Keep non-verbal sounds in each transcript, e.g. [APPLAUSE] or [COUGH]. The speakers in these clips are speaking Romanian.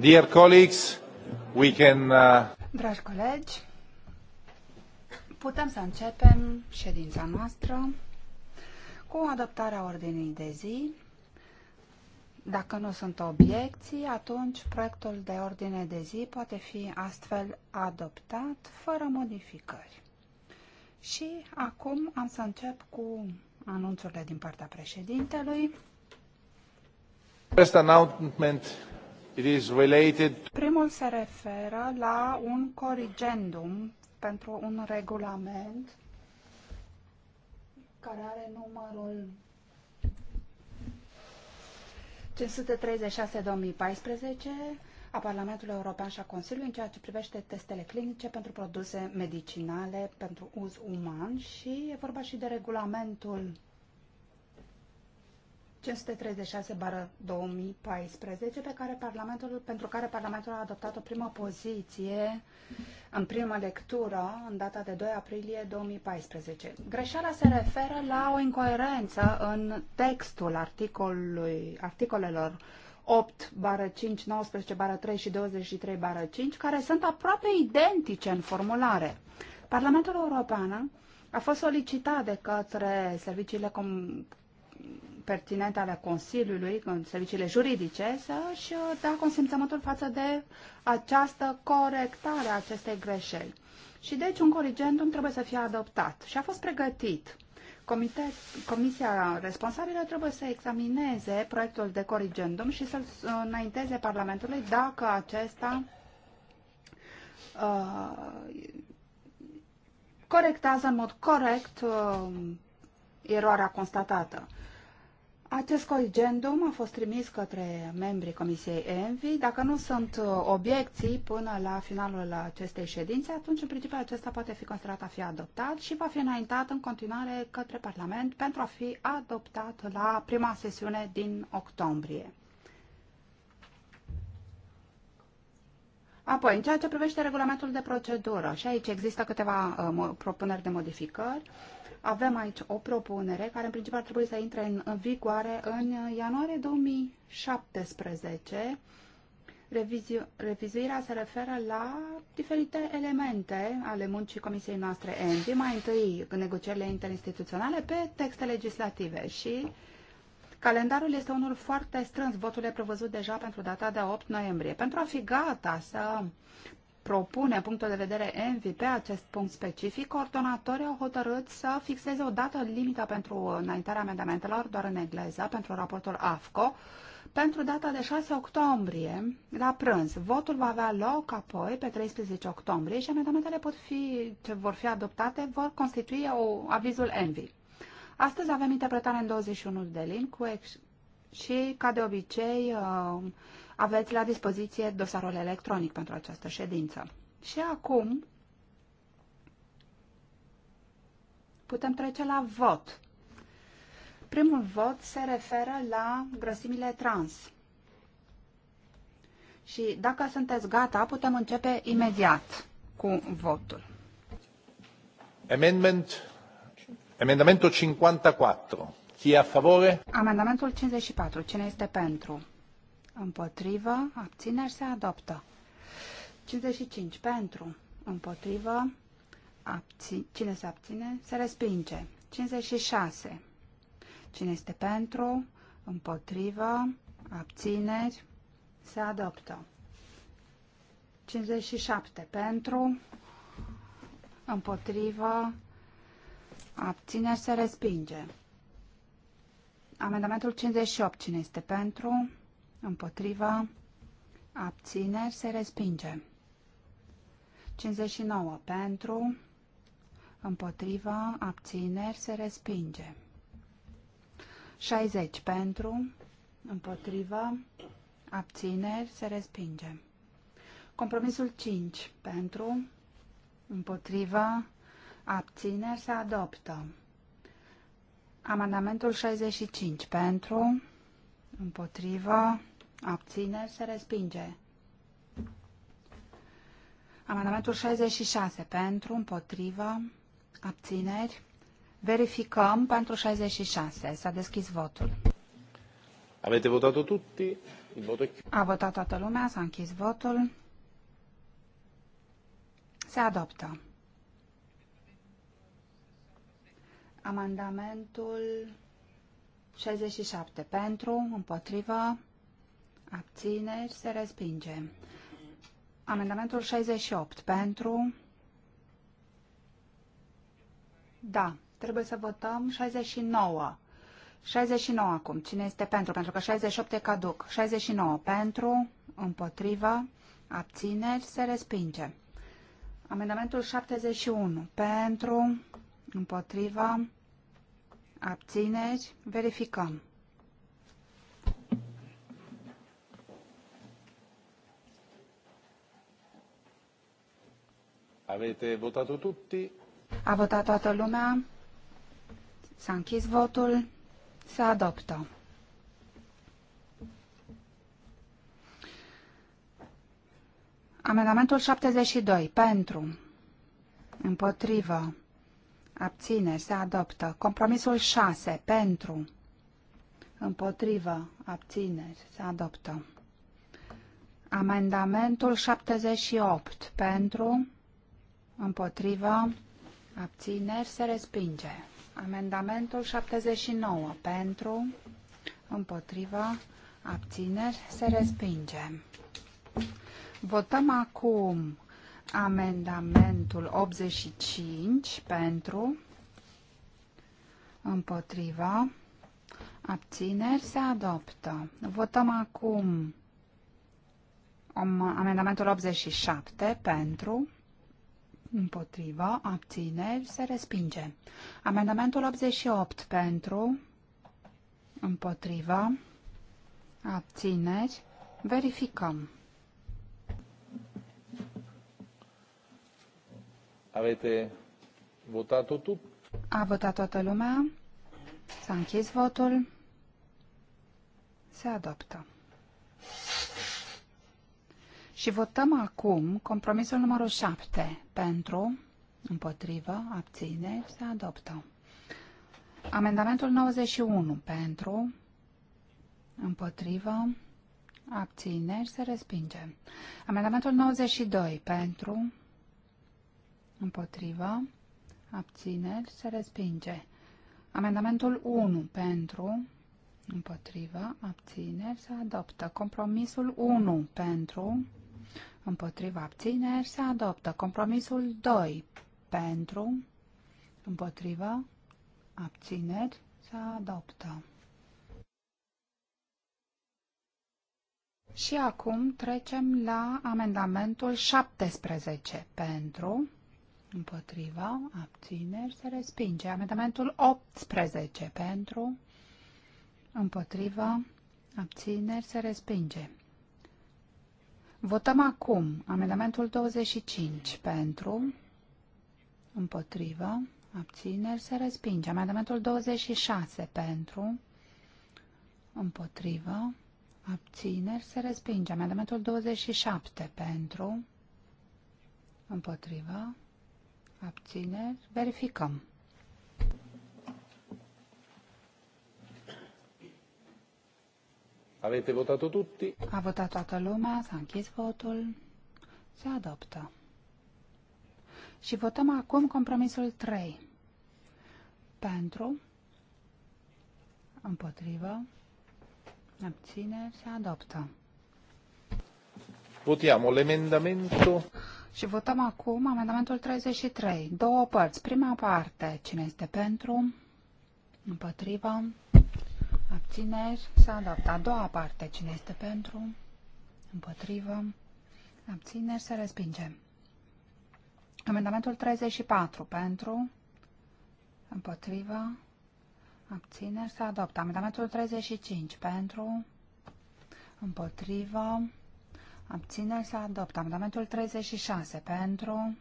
Dear colleagues, we can... Uh... Dragi colegi, putem să începem ședința noastră cu adoptarea ordinii de zi. Dacă nu sunt obiecții, atunci proiectul de ordine de zi poate fi astfel adoptat fără modificări. Și acum am să încep cu anunțurile din partea președintelui. First announcement Primul se referă la un corrigendum pentru un regulament care are numărul 536-2014 a Parlamentului European și a Consiliului în ceea ce privește testele clinice pentru produse medicinale pentru uz uman și e vorba și de regulamentul 536 bară 2014, pe care Parlamentul, pentru care Parlamentul a adoptat o primă poziție în prima lectură în data de 2 aprilie 2014. Greșeala se referă la o incoerență în textul articolului, articolelor 8 bară 5, 19 bară 3 și 23 bară 5, care sunt aproape identice în formulare. Parlamentul European a fost solicitat de către serviciile com pertinente ale Consiliului, în serviciile juridice, să-și uh, dea consimțământul față de această corectare a acestei greșeli. Și deci un corigendum trebuie să fie adoptat și a fost pregătit. Comitet, comisia responsabilă trebuie să examineze proiectul de corigendum și să-l uh, înainteze Parlamentului dacă acesta uh, corectează în mod corect uh, eroarea constatată. Acest corigendum a fost trimis către membrii Comisiei ENVI. Dacă nu sunt uh, obiecții până la finalul acestei ședințe, atunci în principiu acesta poate fi considerat a fi adoptat și va fi înaintat în continuare către Parlament pentru a fi adoptat la prima sesiune din octombrie. Apoi, în ceea ce privește regulamentul de procedură, și aici există câteva uh, propuneri de modificări, uh, avem aici o propunere care în principiu ar trebui să intre în, în vigoare în ianuarie 2017. Revizi, revizuirea se referă la diferite elemente ale muncii Comisiei noastre ENVI, mai întâi negocierile interinstituționale pe texte legislative și Calendarul este unul foarte strâns. Votul e prevăzut deja pentru data de 8 noiembrie. Pentru a fi gata să propune punctul de vedere ENVI pe acest punct specific, coordonatorii au hotărât să fixeze o dată limită pentru înaintarea amendamentelor doar în engleză pentru raportul AFCO pentru data de 6 octombrie la prânz. Votul va avea loc apoi pe 13 octombrie și amendamentele pot fi, ce vor fi adoptate vor constitui o, avizul ENVI. Astăzi avem interpretare în 21 de limbi, cu, ex, și, ca de obicei, uh, aveți la dispoziție dosarul electronic pentru această ședință. Și acum putem trece la vot. Primul vot se referă la grăsimile trans. Și dacă sunteți gata, putem începe imediat cu votul. Amendment, amendamentul 54. Chi a favore? Amendamentul 54. Cine este pentru? Împotrivă. Abțineri se adoptă. 55. Pentru. Împotrivă. abți... Cine se abține? Se respinge. 56. Cine este pentru? Împotrivă. Abțineri se adoptă. 57. Pentru. Împotrivă. Abțineri se respinge. Amendamentul 58. Cine este pentru? Împotriva? Abțineri? Se respinge. 59. Pentru? Împotriva? Abțineri? Se respinge. 60. Pentru? Împotriva? Abțineri? Se respinge. Compromisul 5. Pentru? Împotriva? Abțineri? Se adoptă. Amendamentul 65 pentru, împotrivă, abțineri, se respinge. Amendamentul 66 pentru, împotrivă, abțineri. Verificăm pentru 66. S-a deschis votul. Avete votat tutti? Il voto è A votat toată lumea, s-a închis votul. Se adoptă. Amendamentul 67 pentru, împotrivă, abțineri, se respinge. Amendamentul 68 pentru, da, trebuie să votăm 69. 69 acum. Cine este pentru? Pentru că 68 e caduc. 69 pentru, împotrivă, abțineri, se respinge. Amendamentul 71 pentru, împotriva, abțineri, verificăm. Avete votato tutti? A votat toată lumea. S-a închis votul. Se adoptă. Amendamentul 72. Pentru. Împotrivă abțineri, se adoptă. Compromisul 6, pentru, împotrivă, abțineri, se adoptă. Amendamentul 78, pentru, împotrivă, abțineri, se respinge. Amendamentul 79, pentru, împotrivă, abțineri, se respinge. Votăm acum Amendamentul 85 pentru, împotriva, abțineri se adoptă. Votăm acum amendamentul 87 pentru, împotriva, abțineri se respinge. Amendamentul 88 pentru, împotriva, abțineri, verificăm. Avete votat totul? A votat toată lumea. S-a închis votul. Se adoptă. Și votăm acum compromisul numărul 7 pentru, împotrivă, abține, se adoptă. Amendamentul 91 pentru, împotrivă, abține, se respinge. Amendamentul 92 pentru, împotriva, abțineri, se respinge. Amendamentul 1 pentru, împotriva, abțineri, se adoptă. Compromisul 1 pentru, împotriva, abțineri, se adoptă. Compromisul 2 pentru, împotriva, abțineri, se adoptă. Și acum trecem la amendamentul 17 pentru, Împotriva, abțineri, se respinge. Amendamentul 18 pentru, împotriva, abțineri, se respinge. Votăm acum amendamentul 25 pentru, împotriva, abțineri, se respinge. Amendamentul 26 pentru, împotriva, abțineri, se respinge. Amendamentul 27 pentru, împotriva, Abțineri. Verificăm. Avete votato tutti? A votat toată lumea, s-a închis votul, se adoptă. Și votăm acum compromisul 3. Pentru, împotrivă, abțineri, se adoptă. Votiamo l'emendamento. Și votăm acum amendamentul 33. Două părți. Prima parte. Cine este pentru? Împotriva? Abțineri? Se adoptă. A doua parte. Cine este pentru? Împotrivă? Abțineri? Se respinge. Amendamentul 34. Pentru? Împotrivă. Abțineri? Se adoptă. Amendamentul 35. Pentru? Împotrivă? Abține să adoptă. Amendamentul 36 pentru,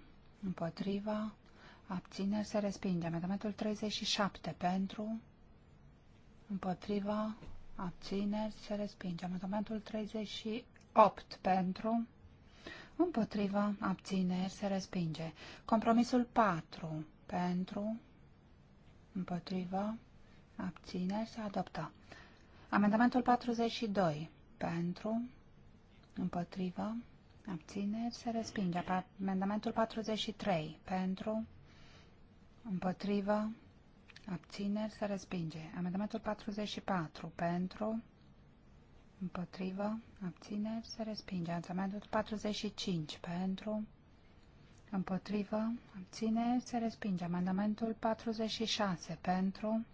împotriva, abține să respinge. Amendamentul 37 pentru, împotriva, abține să respinge. Amendamentul 38 pentru, împotriva, abține să respinge. Compromisul 4 pentru, împotriva, abține să adopta Amendamentul 42 pentru, Împotrivă. Abțineri. Se respinge. Amendamentul 43. Pentru. Împotrivă. Abțineri. Se respinge. Amendamentul 44. Pentru. Împotrivă. Abțineri. Se respinge. Amendamentul 45. Pentru. Împotrivă. Abțineri. Se respinge. Amendamentul 46. Pentru.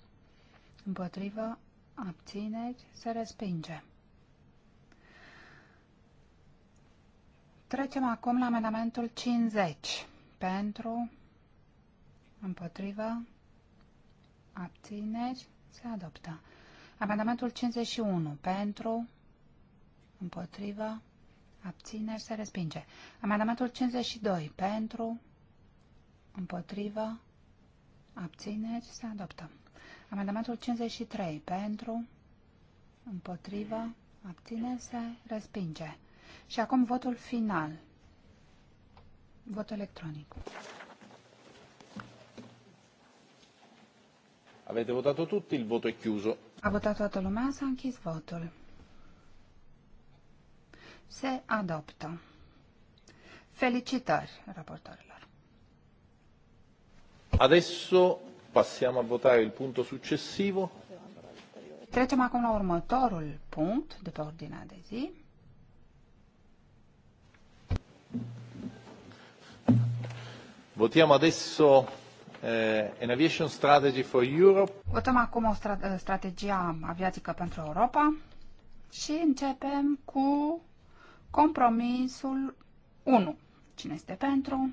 Împotrivă. Abțineri. Se respinge. Trecem acum la amendamentul 50. Pentru, împotrivă, abțineri, se adoptă. Amendamentul 51. Pentru, împotrivă, abțineri, se respinge. Amendamentul 52. Pentru, împotrivă, abțineri, se adoptă. Amendamentul 53. Pentru, împotrivă, abțineri, se respinge. Și acum votul final. Vot electronic. Avete votato tutti, il voto è chiuso. A votat toată lumea, s-a închis votul. Se adoptă. Felicitări raportorilor. Adesso passiamo a votare il punto successivo. Trecem acum la următorul punct de pe ordinea de zi. Votiamo adesso eh, an aviation strategy for Europe. Votăm acum o stra eh, strategia aviatică pentru Europa și începem cu compromisul 1. Cine este pentru?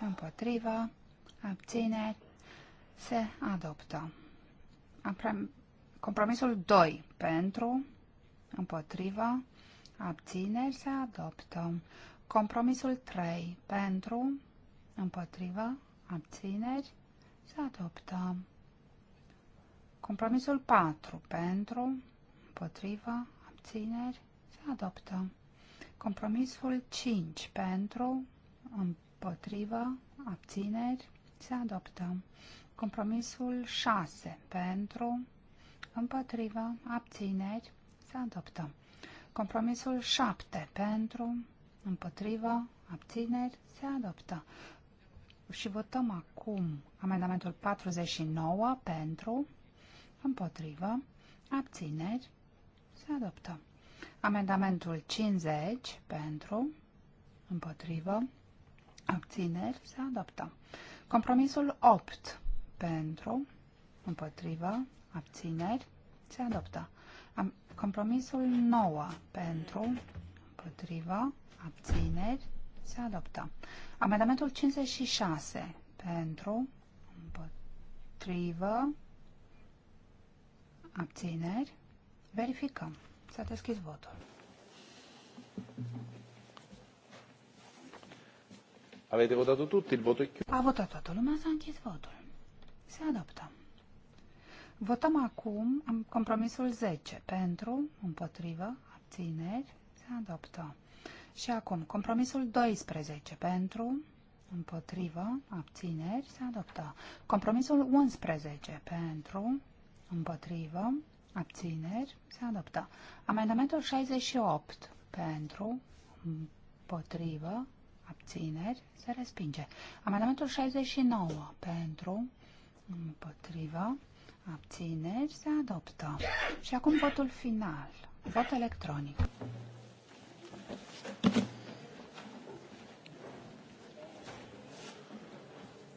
Împotriva? Abține? Se adoptă. Compromisul 2. Pentru? Împotriva? Abțineri se adoptă. Compromisul 3. Pentru? împotriva, abțineri, se adoptă. Compromisul 4 pentru, împotriva, abțineri, se adoptă. Compromisul 5 pentru, împotriva, abțineri, se adoptă. Compromisul 6 pentru, împotriva, abțineri, se adoptă. Compromisul 7 pentru, împotriva, abțineri, se adoptă. Și votăm acum amendamentul 49 pentru, împotrivă, abțineri, se adoptă. Amendamentul 50 pentru, împotrivă, abțineri, se adoptă. Compromisul 8 pentru, împotrivă, abțineri, se adoptă. Am, compromisul 9 pentru, împotrivă, abțineri, se adoptă. Amendamentul 56 pentru, împotrivă, abțineri. Verificăm. S-a deschis votul. Avete votato tutti, il voto è chiuso. Ha votat toată lumea, s-a închis votul. Se adoptă. Votăm acum compromisul 10. Pentru, împotrivă, abțineri, se adoptă. Și acum, compromisul 12 pentru, împotrivă, abțineri, se adoptă. Compromisul 11 pentru, împotrivă, abțineri, se adoptă. Amendamentul 68 pentru, împotrivă, abțineri, se respinge. Amendamentul 69 pentru, împotrivă, abțineri, se adoptă. Și acum votul final, vot electronic.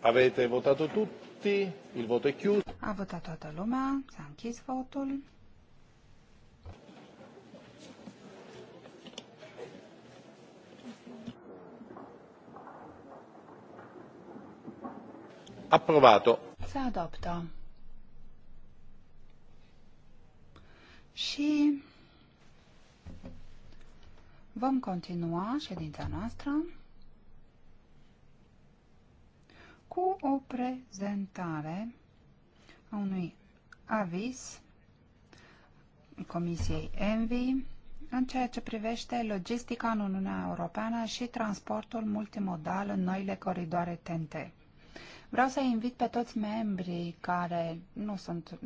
Avete votato tutti? Il voto è chiuso. Ha votato toată lumea, s-a închis votul. Approvato. Se adoptă. Și Vom continua ședința noastră cu o prezentare a unui avis Comisiei ENVI în ceea ce privește logistica în Uniunea Europeană și transportul multimodal în noile coridoare TNT. Vreau să invit pe toți membrii care nu sunt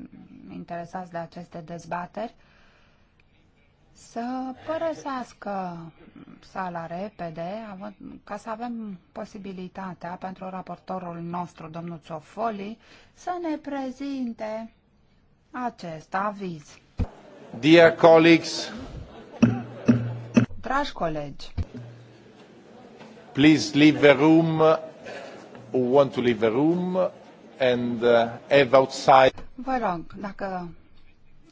interesați de aceste dezbateri să părăsească sala repede ca să avem posibilitatea pentru raportorul nostru, domnul Țofoli, să ne prezinte acest aviz. Dear colleagues, dragi colegi, please leave the room who want to leave the room and uh, have outside. Vă rog, dacă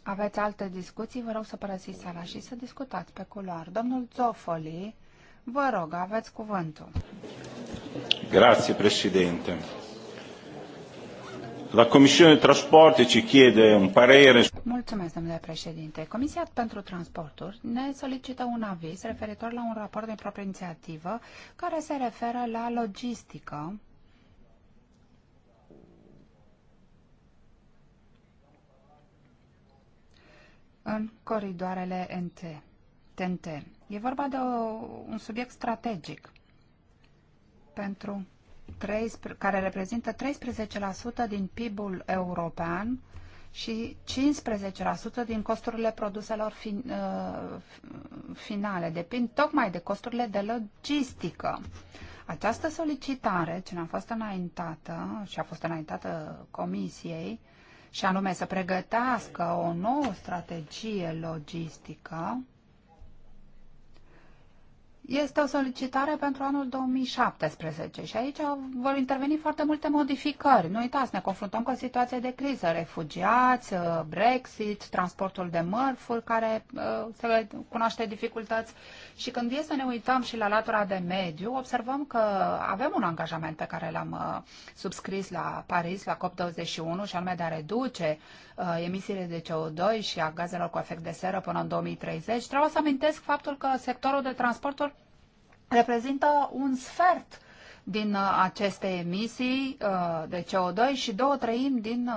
aveți alte discuții, vă rog să părăsiți sala și să discutați pe culoar. Domnul Zofoli, vă rog, aveți cuvântul. Grazie, președinte. La Comisiune Transporte ci chiede un parere. Mulțumesc, domnule președinte. Comisia pentru Transporturi ne solicită un aviz referitor la un raport de proprie inițiativă care se referă la logistică în coridoarele NT, TNT. E vorba de o, un subiect strategic pentru 13, care reprezintă 13% din PIB-ul european și 15% din costurile produselor fin, uh, finale. Depind tocmai de costurile de logistică. Această solicitare, ce a fost înaintată și a fost înaintată comisiei, uh, și anume să pregătească o nouă strategie logistică este o solicitare pentru anul 2017 și aici vor interveni foarte multe modificări. Nu uitați, ne confruntăm cu o situație de criză, refugiați, uh, Brexit, transportul de mărfuri care uh, se cunoaște dificultăți și când e să ne uităm și la latura de mediu, observăm că avem un angajament pe care l-am uh, subscris la Paris, la COP21 și anume de a reduce Uh, emisiile de CO2 și a gazelor cu efect de seră până în 2030, trebuie să amintesc faptul că sectorul de transporturi reprezintă un sfert din uh, aceste emisii uh, de CO2 și două treimi din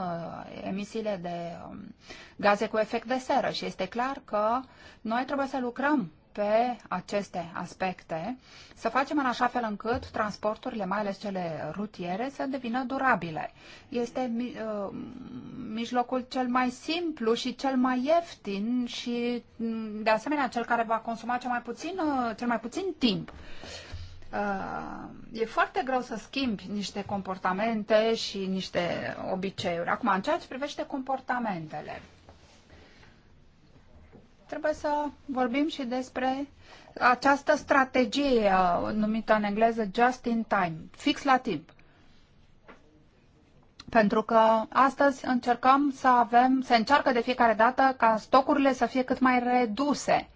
emisiile de um, gaze cu efect de seră. Și este clar că noi trebuie să lucrăm pe aceste aspecte, să facem în așa fel încât transporturile, mai ales cele rutiere, să devină durabile. Este uh, mijlocul cel mai simplu și cel mai ieftin și, mm, de asemenea, cel care va consuma cel mai puțin, uh, cel mai puțin timp. Uh, e foarte greu să schimbi niște comportamente și niște obiceiuri. Acum, în ceea ce privește comportamentele, trebuie să vorbim și despre această strategie uh, numită în engleză just in time, fix la timp. Pentru că astăzi încercăm să avem, se încearcă de fiecare dată ca stocurile să fie cât mai reduse.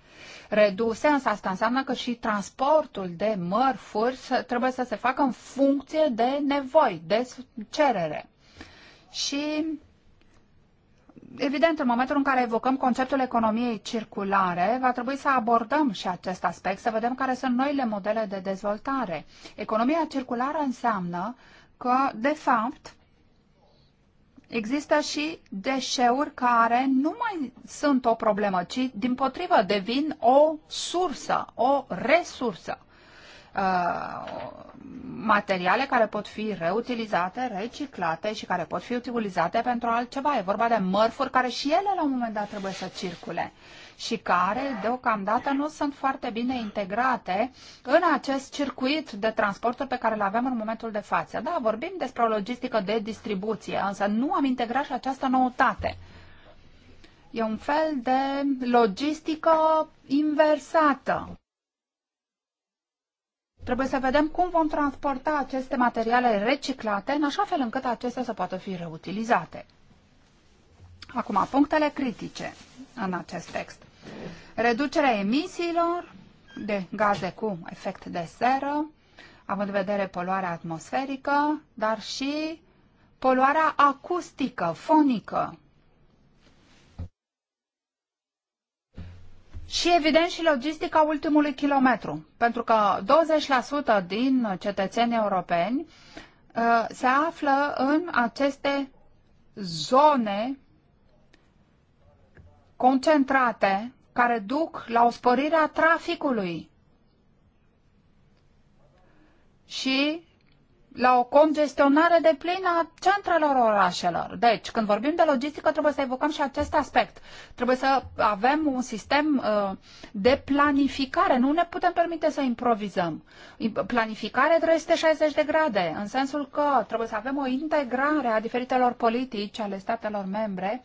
Reduse, însă asta înseamnă că și transportul de mărfuri trebuie să se facă în funcție de nevoi, de cerere. Și Evident, în momentul în care evocăm conceptul economiei circulare, va trebui să abordăm și acest aspect, să vedem care sunt noile modele de dezvoltare. Economia circulară înseamnă că, de fapt, există și deșeuri care nu mai sunt o problemă, ci, din potrivă, devin o sursă, o resursă. Uh, materiale care pot fi reutilizate, reciclate și care pot fi utilizate pentru altceva. E vorba de mărfuri care și ele la un moment dat trebuie să circule și care deocamdată nu sunt foarte bine integrate în acest circuit de transporturi pe care îl avem în momentul de față. Da, vorbim despre o logistică de distribuție, însă nu am integrat și această noutate. E un fel de logistică inversată. Trebuie să vedem cum vom transporta aceste materiale reciclate în așa fel încât acestea să poată fi reutilizate. Acum, punctele critice în acest text. Reducerea emisiilor de gaze cu efect de seră, având în vedere poluarea atmosferică, dar și poluarea acustică, fonică, și, evident, și logistica ultimului kilometru, pentru că 20% din cetățenii europeni uh, se află în aceste zone concentrate care duc la o sporire a traficului și la o congestionare de plină a centrelor orașelor. Deci, când vorbim de logistică, trebuie să evocăm și acest aspect. Trebuie să avem un sistem uh, de planificare. Nu ne putem permite să improvizăm. Planificare 360 de grade, în sensul că trebuie să avem o integrare a diferitelor politici ale statelor membre uh,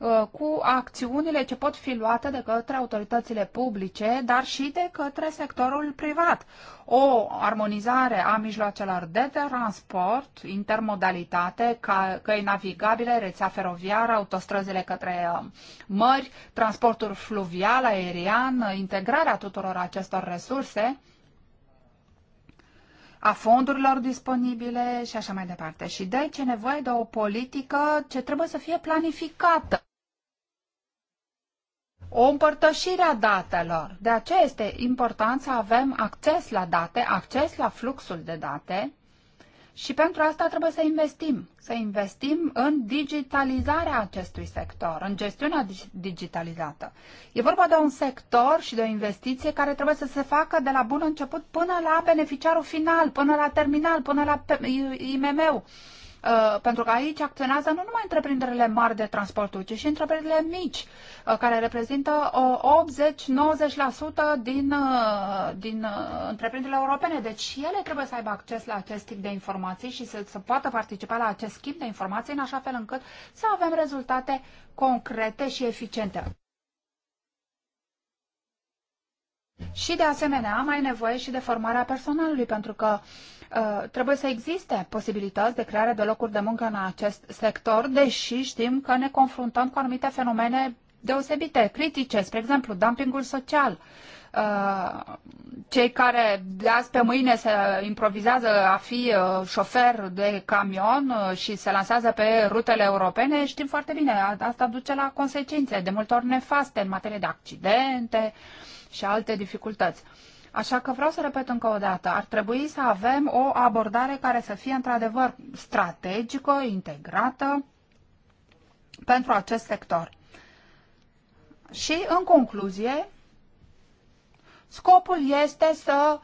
Uh, cu acțiunile ce pot fi luate de către autoritățile publice, dar și de către sectorul privat. O armonizare a mijloacelor de transport, intermodalitate, căi navigabile, rețea feroviară, autostrăzile către uh, mări, transportul fluvial, aerian, integrarea tuturor acestor resurse, a fondurilor disponibile și așa mai departe. Și de aici e nevoie de o politică ce trebuie să fie planificată o împărtășire a datelor. De aceea este important să avem acces la date, acces la fluxul de date și pentru asta trebuie să investim. Să investim în digitalizarea acestui sector, în gestiunea digitalizată. E vorba de un sector și de o investiție care trebuie să se facă de la bun început până la beneficiarul final, până la terminal, până la IMM-ul. Uh, pentru că aici acționează nu numai întreprinderile mari de transporturi, ci și întreprinderile mici, Uh, care reprezintă 80-90% uh, din, uh, din întreprinderile europene. Deci ele trebuie să aibă acces la acest tip de informații și să, să poată participa la acest schimb de informații în așa fel încât să avem rezultate concrete și eficiente. Și de asemenea, am mai nevoie și de formarea personalului, pentru că uh, trebuie să existe posibilități de creare de locuri de muncă în acest sector, deși știm că ne confruntăm cu anumite fenomene deosebite, critice, spre exemplu, dumpingul social. Uh, cei care de azi pe mâine se improvizează a fi uh, șofer de camion uh, și se lansează pe rutele europene, știm foarte bine, asta duce la consecințe de multe ori nefaste în materie de accidente și alte dificultăți. Așa că vreau să repet încă o dată, ar trebui să avem o abordare care să fie într-adevăr strategică, integrată pentru acest sector. Și, în concluzie, scopul este să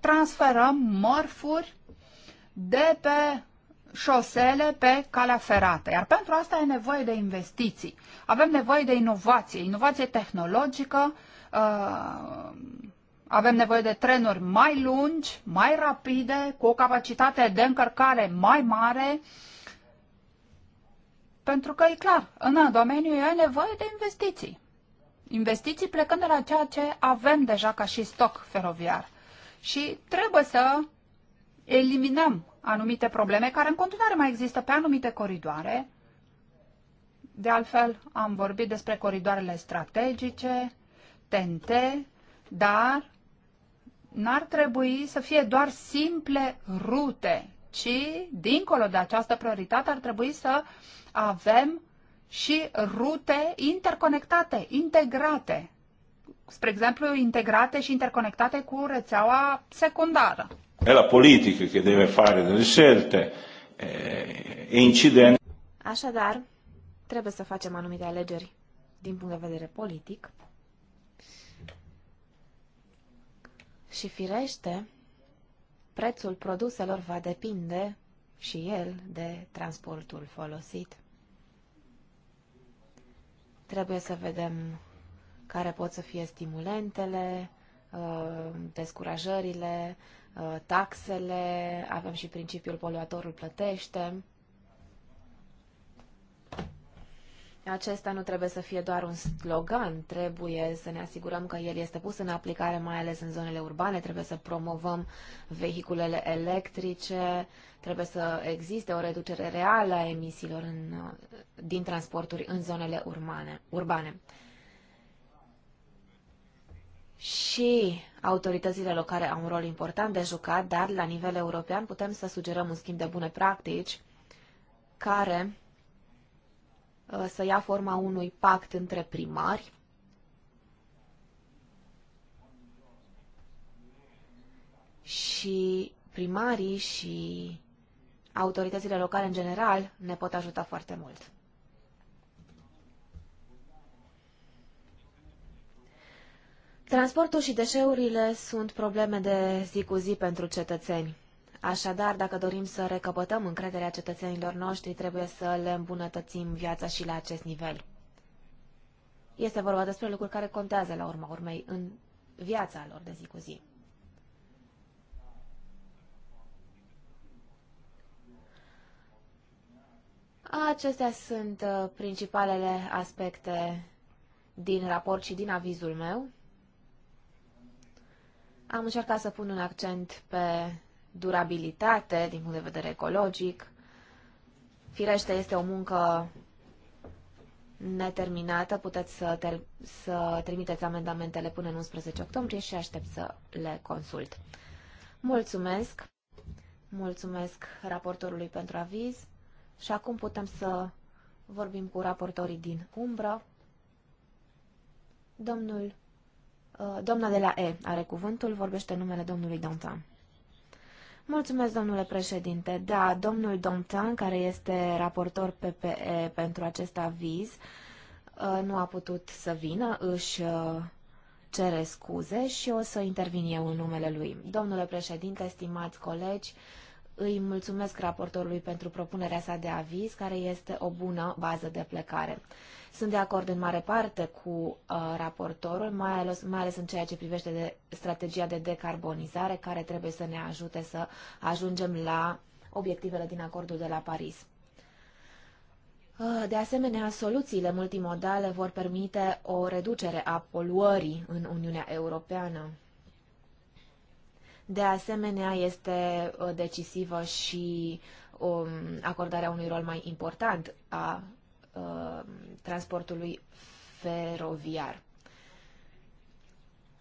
transferăm mărfuri de pe șosele pe calea ferată. Iar pentru asta e nevoie de investiții. Avem nevoie de inovație, inovație tehnologică, uh, avem nevoie de trenuri mai lungi, mai rapide, cu o capacitate de încărcare mai mare, pentru că, e clar, în domeniu e nevoie de investiții. Investiții plecând de la ceea ce avem deja ca și stoc feroviar. Și trebuie să eliminăm anumite probleme care în continuare mai există pe anumite coridoare. De altfel, am vorbit despre coridoarele strategice, TNT, dar n-ar trebui să fie doar simple rute, ci, dincolo de această prioritate, ar trebui să uh, avem și rute interconectate, integrate. Spre exemplu, integrate și interconectate cu rețeaua secundară. E la politică care deve fare delle scelte eh, e incidente. Așadar, trebuie să facem anumite alegeri din punct de vedere politic. Și firește, prețul produselor va depinde și el de transportul folosit. Trebuie să vedem care pot să fie stimulentele, uh, descurajările, uh, taxele, avem și principiul poluatorul plătește. acesta nu trebuie să fie doar un slogan, trebuie să ne asigurăm că el este pus în aplicare, mai ales în zonele urbane, trebuie să promovăm vehiculele electrice, trebuie să existe o reducere reală a emisiilor în, din transporturi în zonele urmane, urbane. Și autoritățile locale au un rol important de jucat, dar la nivel european putem să sugerăm un schimb de bune practici care Uh, să ia forma unui pact între primari. Și primarii și autoritățile locale în general ne pot ajuta foarte mult. Transportul și deșeurile sunt probleme de zi cu zi pentru cetățeni. Așadar, dacă dorim să recăpătăm încrederea cetățenilor noștri, trebuie să le îmbunătățim viața și la acest nivel. Este vorba despre lucruri care contează la urma urmei în viața lor de zi cu zi. Acestea sunt uh, principalele aspecte din raport și din avizul meu. Am încercat să pun un accent pe durabilitate din punct de vedere ecologic. Firește, este o muncă neterminată, puteți să, ter- să trimiteți amendamentele până în 11 octombrie și aștept să le consult. Mulțumesc! Mulțumesc raportorului pentru aviz și acum putem să vorbim cu raportorii din umbră. Domnul, uh, doamna de la E are cuvântul, vorbește numele domnului Dantan. Mulțumesc, domnule președinte. Da, domnul Domtan, care este raportor PPE pentru acest aviz, uh, nu a putut să vină, își uh, cere scuze și o să intervin eu în numele lui. Domnule președinte, stimați colegi, îi mulțumesc raportorului pentru propunerea sa de aviz, care este o bună bază de plecare. Sunt de acord în mare parte cu uh, raportorul, mai ales, mai ales în ceea ce privește de strategia de decarbonizare, care trebuie să ne ajute să ajungem la obiectivele din acordul de la Paris. Uh, de asemenea, soluțiile multimodale vor permite o reducere a poluării în Uniunea Europeană. De asemenea, este uh, decisivă și um, acordarea unui rol mai important a uh, transportului feroviar.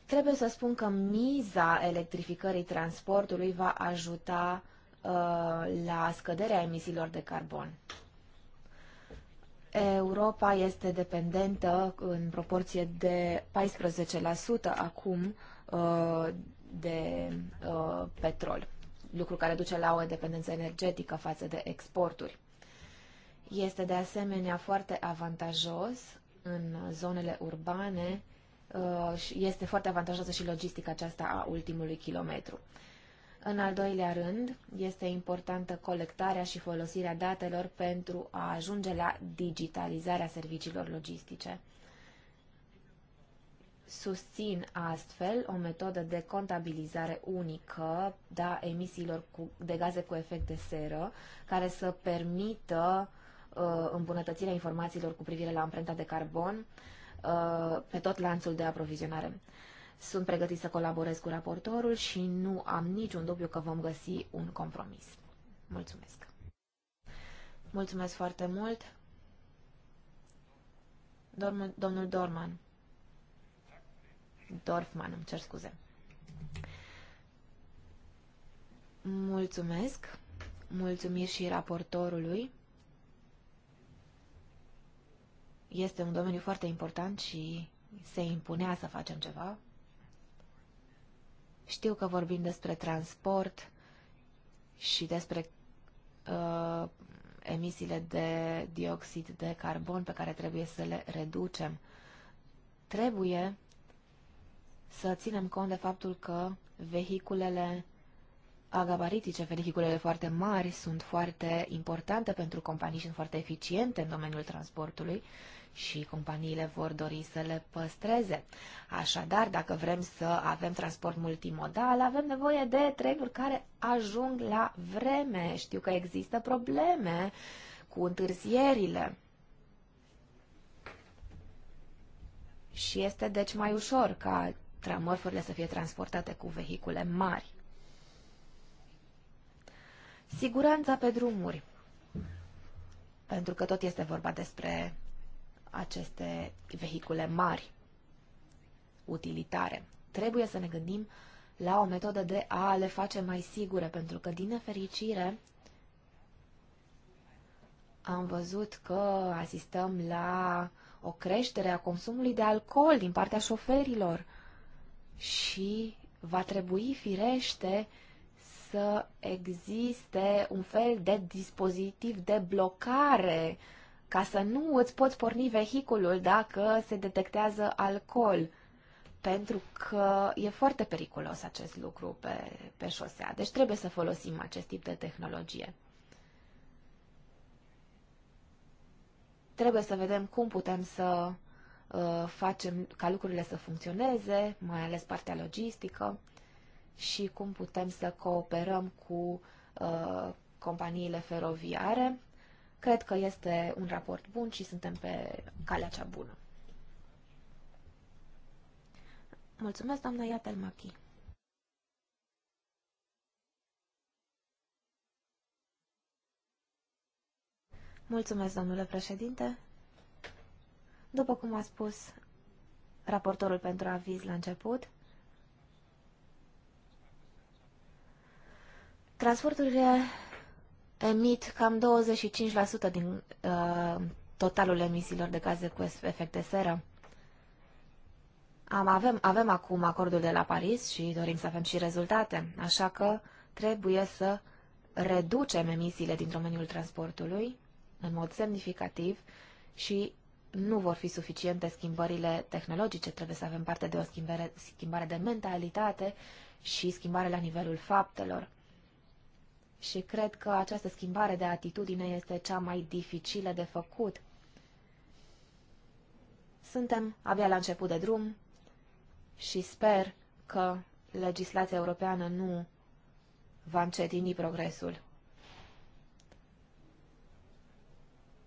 Trebuie să spun că miza electrificării transportului va ajuta uh, la scăderea emisiilor de carbon. Europa este dependentă în proporție de 14% acum uh, de uh, petrol, lucru care duce la o dependență energetică față de exporturi. Este de asemenea foarte avantajos în zonele urbane uh, și este foarte avantajoasă și logistica aceasta a ultimului kilometru. În al doilea rând, este importantă colectarea și folosirea datelor pentru a ajunge la digitalizarea serviciilor logistice susțin astfel o metodă de contabilizare unică da, emisiilor cu, de gaze cu efect de seră, care să permită uh, îmbunătățirea informațiilor cu privire la amprenta de carbon uh, pe tot lanțul de aprovizionare. Sunt pregătit să colaborez cu raportorul și nu am niciun dubiu că vom găsi un compromis. Mulțumesc! Mulțumesc foarte mult! Domnul Dorman. Dorfman, îmi cer scuze. Mulțumesc. Mulțumiri și raportorului. Este un domeniu foarte important și se impunea să facem ceva. Știu că vorbim despre transport și despre uh, emisiile de dioxid de carbon pe care trebuie să le reducem. Trebuie să ținem cont de faptul că vehiculele agabaritice, vehiculele foarte mari, sunt foarte importante pentru companii și sunt foarte eficiente în domeniul transportului și companiile vor dori să le păstreze. Așadar, dacă vrem să avem transport multimodal, avem nevoie de trenuri care ajung la vreme. Știu că există probleme cu întârzierile. Și este deci mai ușor ca tramorfurile să fie transportate cu vehicule mari. Siguranța pe drumuri. Pentru că tot este vorba despre aceste vehicule mari, utilitare. Trebuie să ne gândim la o metodă de a le face mai sigure, pentru că, din nefericire, am văzut că asistăm la o creștere a consumului de alcool din partea șoferilor și va trebui firește să existe un fel de dispozitiv de blocare ca să nu îți poți porni vehiculul dacă se detectează alcool. Pentru că e foarte periculos acest lucru pe, pe șosea. Deci trebuie să folosim acest tip de tehnologie. Trebuie să vedem cum putem să Uh, facem ca lucrurile să funcționeze, mai ales partea logistică și cum putem să cooperăm cu uh, companiile feroviare. Cred că este un raport bun și suntem pe calea cea bună. Mulțumesc, doamna Machi. Mulțumesc, domnule președinte. După cum a spus raportorul pentru aviz la început, transporturile emit cam 25% din uh, totalul emisiilor de gaze cu efect de seră. Am, avem, avem acum acordul de la Paris și dorim să avem și rezultate, așa că trebuie să reducem emisiile din domeniul transportului în mod semnificativ și nu vor fi suficiente schimbările tehnologice, trebuie să avem parte de o schimbare, schimbare de mentalitate și schimbare la nivelul faptelor. Și cred că această schimbare de atitudine este cea mai dificilă de făcut. Suntem abia la început de drum și sper că legislația europeană nu va încetini progresul.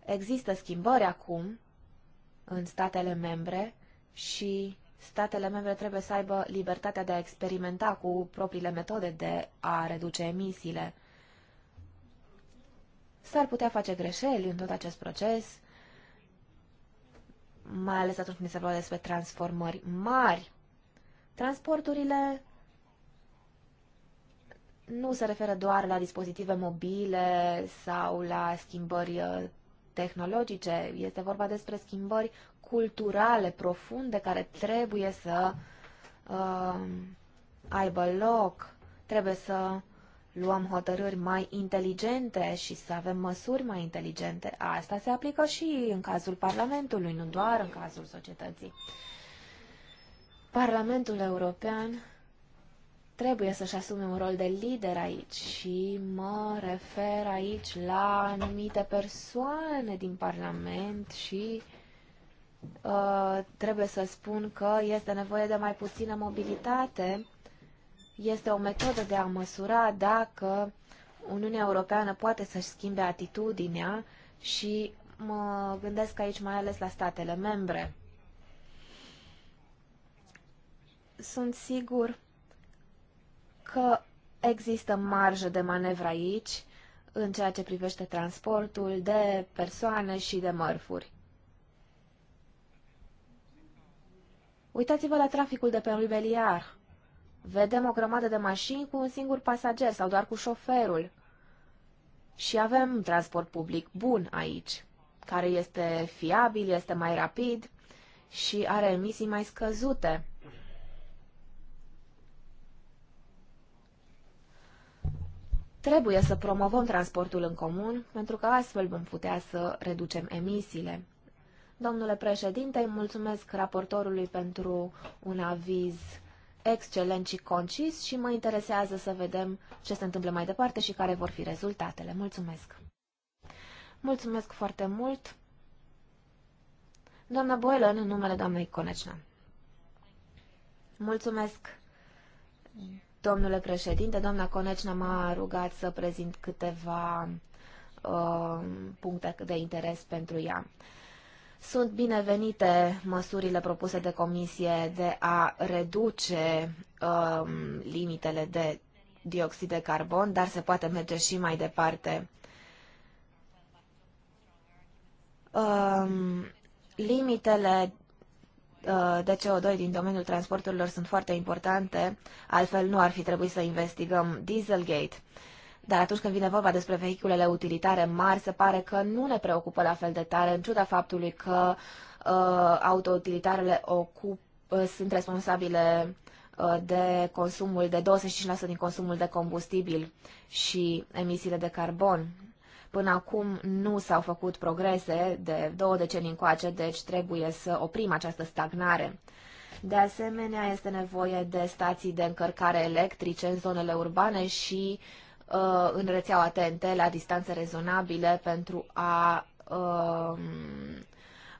Există schimbări acum în statele membre și statele membre trebuie să aibă libertatea de a experimenta cu propriile metode de a reduce emisiile. S-ar putea face greșeli în tot acest proces, mai ales atunci când se vorbește despre transformări mari. Transporturile nu se referă doar la dispozitive mobile sau la schimbări uh, tehnologice, este vorba despre schimbări culturale profunde care trebuie să uh, aibă loc, trebuie să luăm hotărâri mai inteligente și să avem măsuri mai inteligente. Asta se aplică și în cazul Parlamentului, nu doar în cazul societății. Parlamentul European trebuie să-și asume un rol de lider aici și mă refer aici la anumite persoane din Parlament și uh, trebuie să spun că este nevoie de mai puțină mobilitate. Este o metodă de a măsura dacă Uniunea Europeană poate să-și schimbe atitudinea și mă gândesc aici mai ales la statele membre. Sunt sigur că există marjă de manevră aici în ceea ce privește transportul de persoane și de mărfuri. Uitați-vă la traficul de pe Rubeliar. Vedem o grămadă de mașini cu un singur pasager sau doar cu șoferul. Și avem transport public bun aici, care este fiabil, este mai rapid și are emisii mai scăzute. Trebuie să promovăm transportul în comun, pentru că astfel vom putea să reducem emisiile. Domnule președinte, îi mulțumesc raportorului pentru un aviz excelent și concis și mă interesează să vedem ce se întâmplă mai departe și care vor fi rezultatele. Mulțumesc! Mulțumesc foarte mult! Doamna Boelă, în numele doamnei Conecna. Mulțumesc, Domnule președinte, doamna Conecina m-a rugat să prezint câteva uh, puncte de interes pentru ea. Sunt binevenite măsurile propuse de comisie de a reduce um, limitele de dioxid de carbon, dar se poate merge și mai departe. Um, limitele Uh, de CO2 din domeniul transporturilor sunt foarte importante, altfel nu ar fi trebuit să investigăm Dieselgate. Dar atunci când vine vorba despre vehiculele utilitare mari, se pare că nu ne preocupă la fel de tare, în ciuda faptului că uh, autoutilitarele ocup, uh, sunt responsabile uh, de consumul de 25% din consumul de combustibil și emisiile de carbon Până acum nu s-au făcut progrese de două decenii încoace, deci trebuie să oprim această stagnare. De asemenea, este nevoie de stații de încărcare electrice în zonele urbane și uh, în rețeaua TNT la distanțe rezonabile pentru a uh,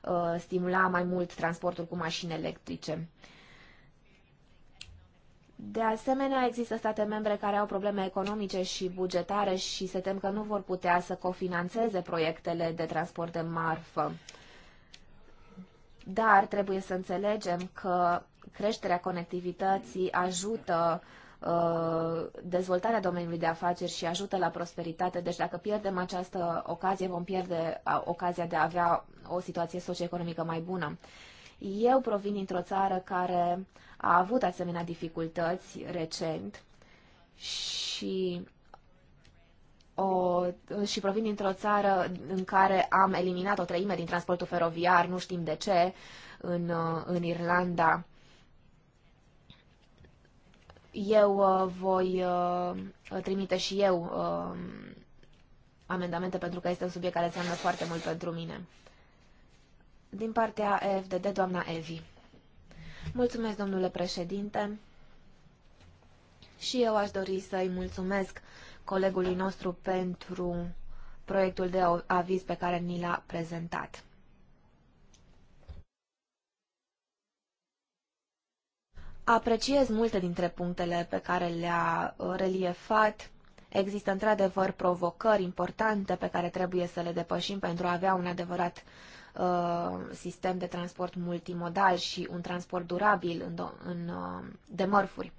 uh, stimula mai mult transportul cu mașini electrice. Uh, de asemenea, există state membre care au probleme economice și bugetare și se tem că nu vor putea să cofinanțeze proiectele de transport de marfă. Dar trebuie să înțelegem că creșterea conectivității ajută uh, dezvoltarea domeniului de afaceri și ajută la prosperitate. Deci dacă pierdem această ocazie, vom pierde uh, ocazia de a avea o situație socioeconomică mai bună. Eu provin dintr-o țară care a avut asemenea dificultăți recent și o, și provin dintr-o țară în care am eliminat o treime din transportul feroviar, nu știm de ce, în, în Irlanda. Eu uh, voi uh, trimite și eu uh, amendamente pentru că este un subiect care înseamnă foarte mult pentru mine. Din partea EFDD, doamna Evi. Mulțumesc, domnule președinte. Și eu aș dori să-i mulțumesc colegului nostru pentru proiectul de aviz pe care ni l-a prezentat. Apreciez multe dintre punctele pe care le-a reliefat. Există într-adevăr provocări importante pe care trebuie să le depășim pentru a avea un adevărat Uh, sistem de transport multimodal și un transport durabil în, în, uh, de mărfuri.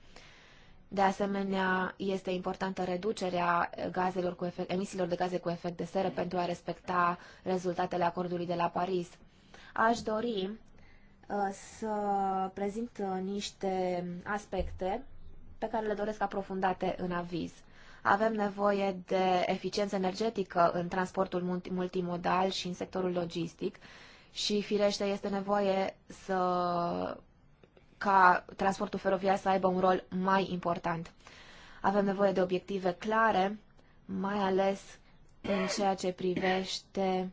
De asemenea, este importantă reducerea gazelor cu efect, emisiilor de gaze cu efect de seră pentru a respecta rezultatele acordului de la Paris. Aș dori uh, să prezint niște aspecte pe care le doresc aprofundate în aviz. Avem nevoie de eficiență energetică în transportul multimodal și în sectorul logistic și, firește, este nevoie să ca transportul feroviar să aibă un rol mai important. Avem nevoie de obiective clare, mai ales în ceea ce privește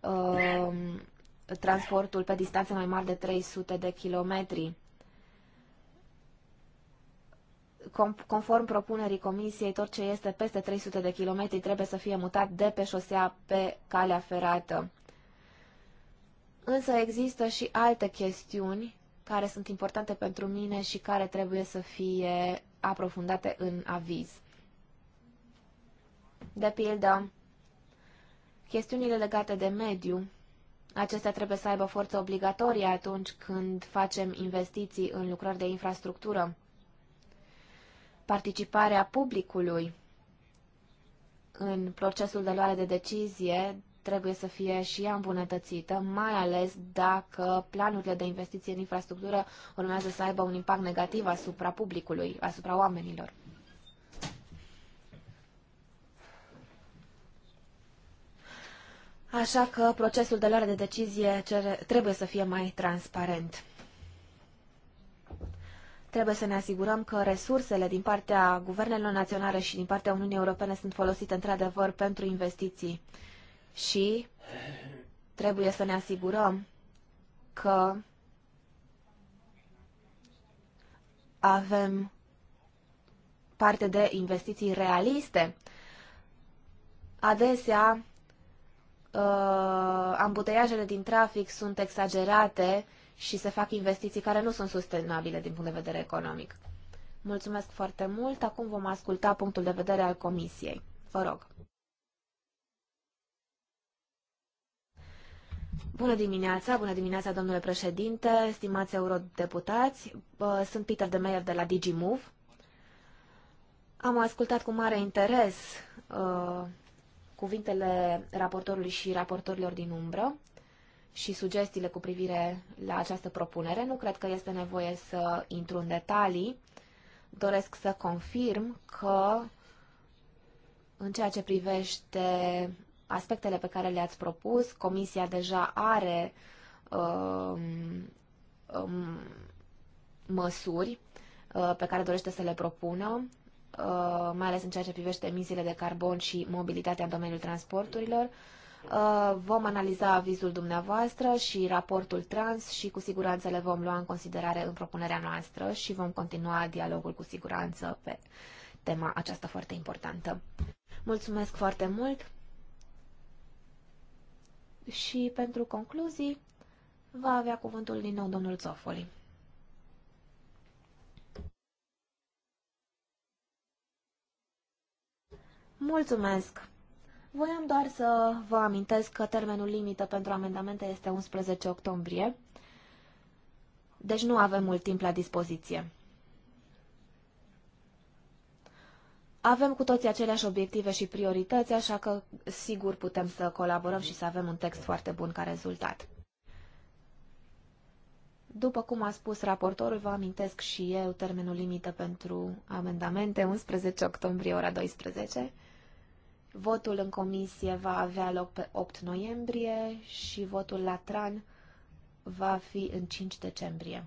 uh, transportul pe distanțe mai mari de 300 de kilometri conform propunerii Comisiei, tot ce este peste 300 de kilometri trebuie să fie mutat de pe șosea pe calea ferată. Însă există și alte chestiuni care sunt importante pentru mine și care trebuie să fie aprofundate în aviz. De pildă, chestiunile legate de mediu, acestea trebuie să aibă forță obligatorie atunci când facem investiții în lucrări de infrastructură participarea publicului în procesul de luare de decizie trebuie să fie și ea îmbunătățită, mai ales dacă planurile de investiție în infrastructură urmează să aibă un impact negativ asupra publicului, asupra oamenilor. Așa că procesul de luare de decizie cere, trebuie să fie mai transparent. Trebuie să ne asigurăm că resursele din partea guvernelor naționale și din partea Uniunii Europene sunt folosite într-adevăr pentru investiții. Și trebuie să ne asigurăm că avem parte de investiții realiste. Adesea, uh, ambuteiajele din trafic sunt exagerate și se fac investiții care nu sunt sustenabile din punct de vedere economic. Mulțumesc foarte mult. Acum vom asculta punctul de vedere al Comisiei. Vă rog. Bună dimineața, bună dimineața, domnule președinte, stimați eurodeputați. Sunt Peter de Meyer de la DigiMove. Am ascultat cu mare interes uh, cuvintele raportorului și raportorilor din umbră și sugestiile cu privire la această propunere. Nu cred că este nevoie să intru în detalii. Doresc să confirm că în ceea ce privește aspectele pe care le-ați propus, Comisia deja are um, um, măsuri uh, pe care dorește să le propună, uh, mai ales în ceea ce privește emisiile de carbon și mobilitatea în domeniul transporturilor. Uh, Uh, vom analiza avizul dumneavoastră și raportul trans și cu siguranță le vom lua în considerare în propunerea noastră și vom continua dialogul cu siguranță pe tema aceasta foarte importantă. Mulțumesc foarte mult și pentru concluzii va avea cuvântul din nou domnul Zofoli. Mulțumesc! Voiam doar să vă amintesc că termenul limită pentru amendamente este 11 octombrie, deci nu avem mult timp la dispoziție. Avem cu toții aceleași obiective și priorități, așa că sigur putem să colaborăm și să avem un text foarte bun ca rezultat. După cum a spus raportorul, vă amintesc și eu termenul limită pentru amendamente, 11 octombrie, ora 12. Votul în comisie va avea loc pe 8 noiembrie și votul la TRAN va fi în 5 decembrie.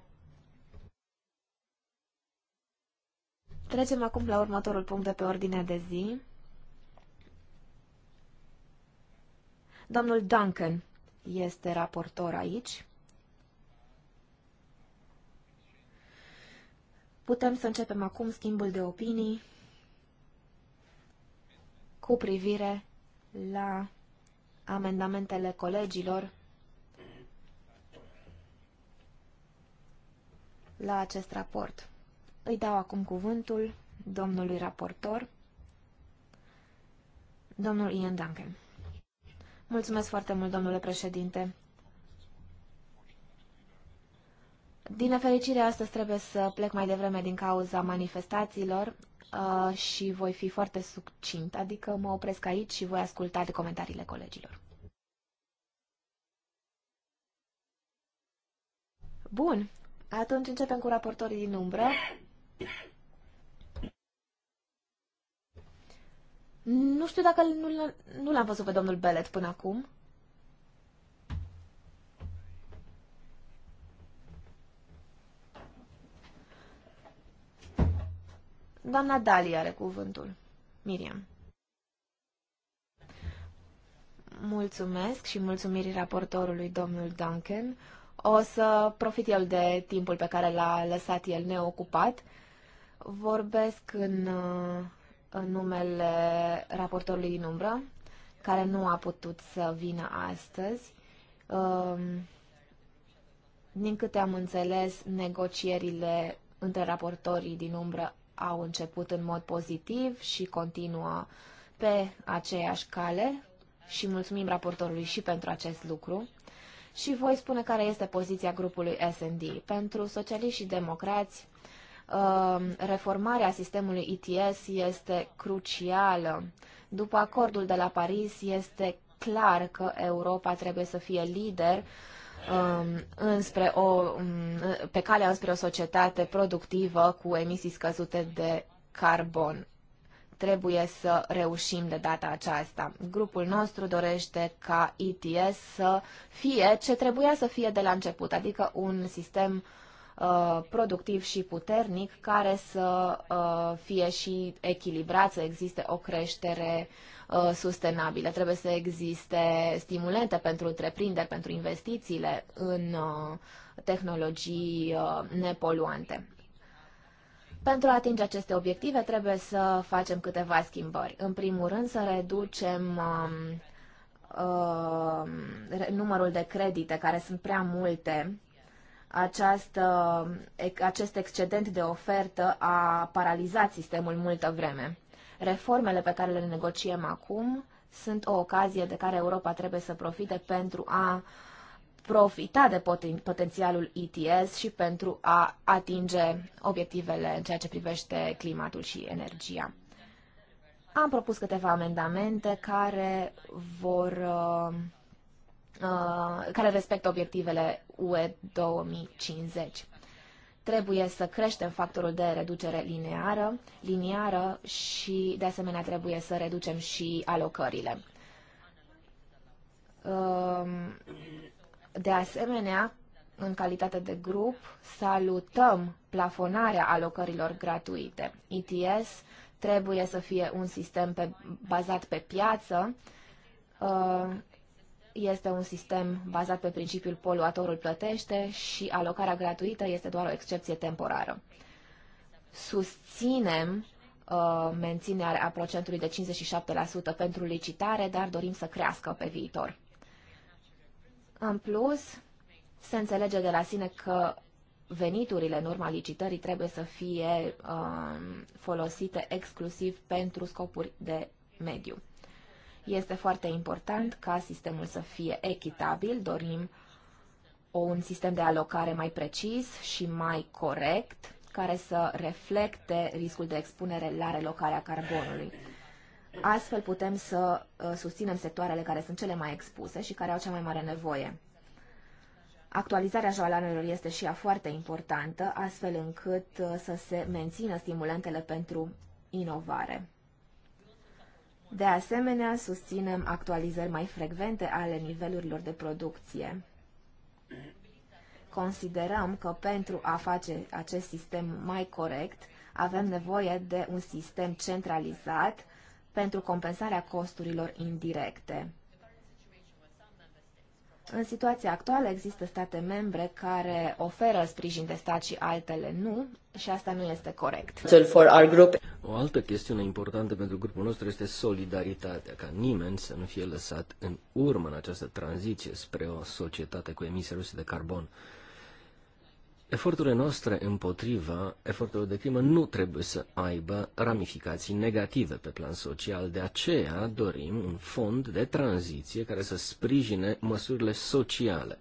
Trecem acum la următorul punct de pe ordinea de zi. Domnul Duncan este raportor aici. Putem să începem acum schimbul de opinii cu privire la amendamentele colegilor la acest raport. Îi dau acum cuvântul domnului raportor, domnul Ian Duncan. Mulțumesc foarte mult, domnule președinte. Din nefericire, astăzi trebuie să plec mai devreme din cauza manifestațiilor. Uh, și voi fi foarte succint, adică mă opresc aici și voi asculta de comentariile colegilor. Bun, atunci începem cu raportorii din umbră. Nu știu dacă nu, nu l-am văzut pe domnul Belet până acum. Doamna Dali are cuvântul. Miriam. Mulțumesc și mulțumiri raportorului domnul Duncan. O să profit el de timpul pe care l-a lăsat el neocupat. Vorbesc în, în numele raportorului din umbră, care nu a putut să vină astăzi. Um, din câte am înțeles, negocierile între raportorii din umbră au început în mod pozitiv și continuă pe aceeași cale și mulțumim raportorului și pentru acest lucru. Și voi spune care este poziția grupului S&D. Pentru socialiști și democrați, um, reformarea sistemului ETS este crucială. După acordul de la Paris, este clar că Europa trebuie să fie lider Um, înspre o, um, pe calea înspre o societate productivă cu emisii scăzute de carbon. Trebuie să reușim de data aceasta. Grupul nostru dorește ca ETS să fie ce trebuia să fie de la început, adică un sistem uh, productiv și puternic care să uh, fie și echilibrat, să existe o creștere uh, Uh, sustenabile. Trebuie să existe stimulente pentru întreprinderi, pentru investițiile în uh, tehnologii uh, nepoluante. Pentru a atinge aceste obiective trebuie să facem câteva schimbări. În primul rând să reducem um, numărul de credite, care sunt prea multe. Această, acest excedent de ofertă a paralizat sistemul multă vreme. Reformele pe care le negociem acum sunt o ocazie de care Europa trebuie să profite pentru a profita de poten- potențialul ETS și pentru a atinge obiectivele în ceea ce privește climatul și energia. Am propus câteva amendamente care vor uh, uh, care respectă obiectivele UE 2050. Trebuie să creștem factorul de reducere lineară, liniară și, de asemenea, trebuie să reducem și alocările. Ehm, de asemenea, în calitate de grup, salutăm plafonarea alocărilor gratuite. ETS trebuie să fie un sistem pe, bazat pe piață ehm, este un sistem bazat pe principiul poluatorul plătește și alocarea gratuită este doar o excepție temporară. Susținem uh, menținerea procentului de 57% pentru licitare, dar dorim să crească pe viitor. În plus, se înțelege de la sine că veniturile în urma licitării trebuie să fie uh, folosite exclusiv pentru scopuri de mediu. Este foarte important ca sistemul să fie echitabil, dorim un sistem de alocare mai precis și mai corect, care să reflecte riscul de expunere la relocarea carbonului. Astfel putem să uh, susținem sectoarele care sunt cele mai expuse și care au cea mai mare nevoie. Actualizarea jaloanelor este și ea foarte importantă, astfel încât uh, să se mențină stimulentele pentru inovare. De asemenea, susținem actualizări mai frecvente ale nivelurilor de producție. Considerăm că pentru a face acest sistem mai corect, avem nevoie de un sistem centralizat pentru compensarea costurilor indirecte. În situația actuală există state membre care oferă sprijin de stat și altele nu și asta nu este corect. O altă chestiune importantă pentru grupul nostru este solidaritatea, ca nimeni să nu fie lăsat în urmă în această tranziție spre o societate cu emisii ruse de carbon. Eforturile noastre împotriva eforturilor de crimă nu trebuie să aibă ramificații negative pe plan social. De aceea dorim un fond de tranziție care să sprijine măsurile sociale.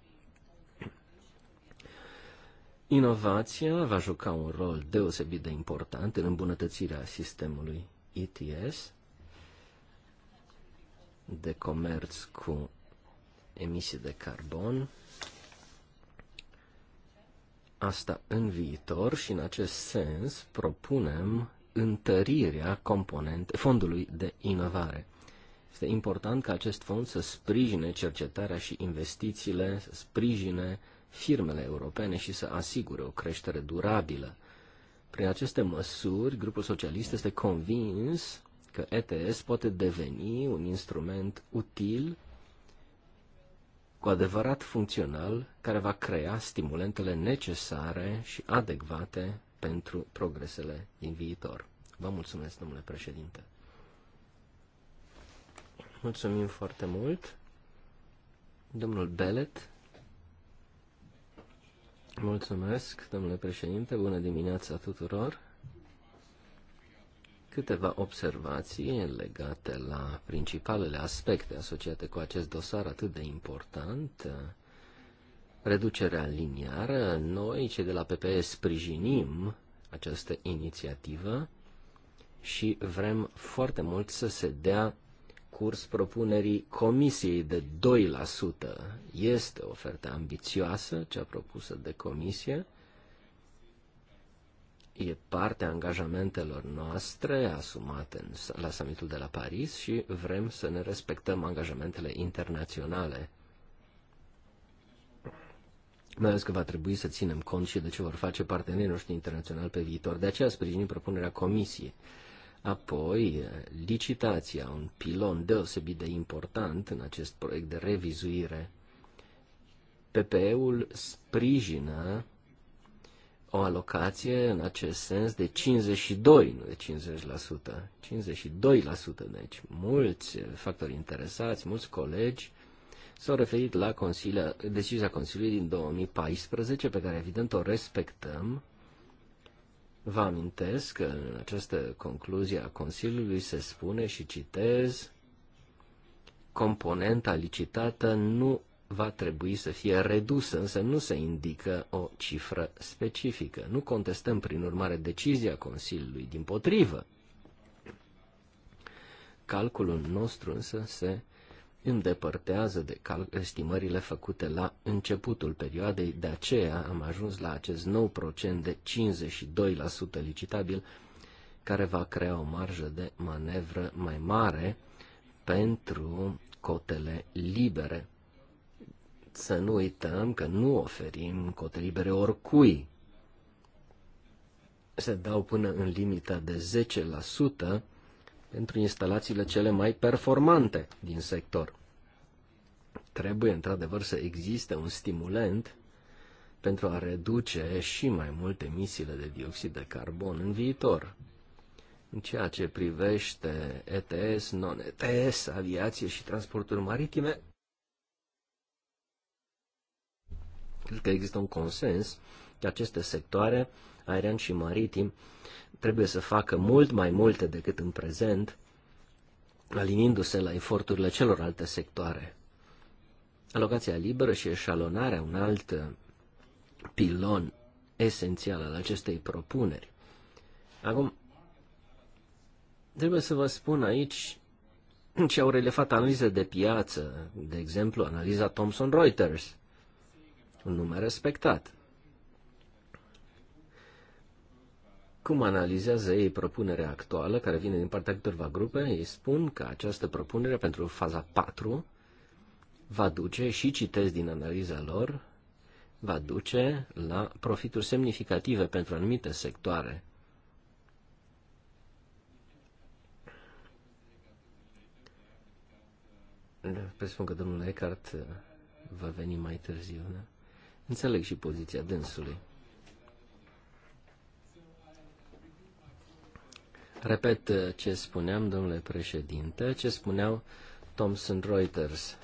Inovația va juca un rol deosebit de important în îmbunătățirea sistemului ETS de comerț cu emisii de carbon, asta în viitor și în acest sens propunem întărirea componente fondului de inovare. Este important ca acest fond să sprijine cercetarea și investițiile, să sprijine firmele europene și să asigure o creștere durabilă. Prin aceste măsuri, grupul socialist este convins că ETS poate deveni un instrument util cu adevărat funcțional care va crea stimulentele necesare și adecvate pentru progresele din viitor. Vă mulțumesc, domnule președinte. Mulțumim foarte mult. Domnul Belet. Mulțumesc, domnule președinte. Bună dimineața tuturor câteva observații legate la principalele aspecte asociate cu acest dosar atât de important. Reducerea liniară, noi cei de la PPE sprijinim această inițiativă și vrem foarte mult să se dea curs propunerii comisiei de 2%. Este o ofertă ambițioasă, cea propusă de comisie, e parte a angajamentelor noastre asumate în, la summitul de la Paris și vrem să ne respectăm angajamentele internaționale. Mai ales că va trebui să ținem cont și de ce vor face partenerii noștri internaționali pe viitor. De aceea sprijinim propunerea Comisiei. Apoi, licitația, un pilon deosebit de important în acest proiect de revizuire. PPE-ul sprijină o alocație în acest sens de 52, nu de 50%, 52%, deci mulți eh, factori interesați, mulți colegi s-au referit la consilia, decizia Consiliului din 2014, pe care evident o respectăm. Vă amintesc că în această concluzie a Consiliului se spune și citez componenta licitată nu va trebui să fie redusă, însă nu se indică o cifră specifică. Nu contestăm, prin urmare, decizia Consiliului, din potrivă. Calculul nostru însă se îndepărtează de estimările făcute la începutul perioadei, de aceea am ajuns la acest nou procent de 52% licitabil, care va crea o marjă de manevră mai mare pentru cotele libere să nu uităm că nu oferim cotelibere oricui. Se dau până în limita de 10% pentru instalațiile cele mai performante din sector. Trebuie, într-adevăr, să existe un stimulent pentru a reduce și mai mult emisiile de dioxid de carbon în viitor. În ceea ce privește ETS, non-ETS, aviație și transporturi maritime, Cred că există un consens că aceste sectoare, aerian și maritim, trebuie să facă mult mai multe decât în prezent, alinindu-se la eforturile celor alte sectoare. Alocația liberă și eșalonarea, un alt uh, pilon esențial al acestei propuneri. Acum, trebuie să vă spun aici ce au relefat analize de piață, de exemplu, analiza Thomson Reuters un nume respectat. Cum analizează ei propunerea actuală care vine din partea câtorva grupe, ei spun că această propunere pentru faza 4 va duce, și citesc din analiza lor, va duce la profituri semnificative pentru anumite sectoare. Presupun că domnul Eckhart uh, va veni mai târziu. Da? Înțeleg și poziția dânsului. Repet uh, ce spuneam, domnule președinte, ce spuneau Thomson Reuters.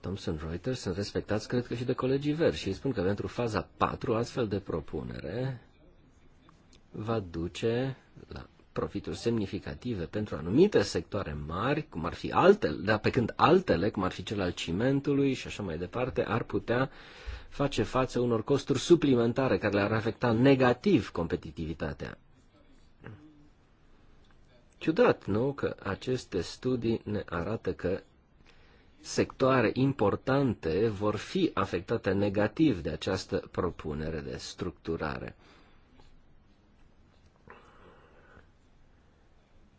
Thomson Reuters sunt respectați, cred că, și de colegii verzi și îi spun că pentru faza 4 astfel de propunere va duce la profituri semnificative pentru anumite sectoare mari, cum ar fi altele, dar pe când altele, cum ar fi cel al cimentului și așa mai departe, ar putea face față unor costuri suplimentare care le-ar afecta negativ competitivitatea. Ciudat, nu, că aceste studii ne arată că sectoare importante vor fi afectate negativ de această propunere de structurare.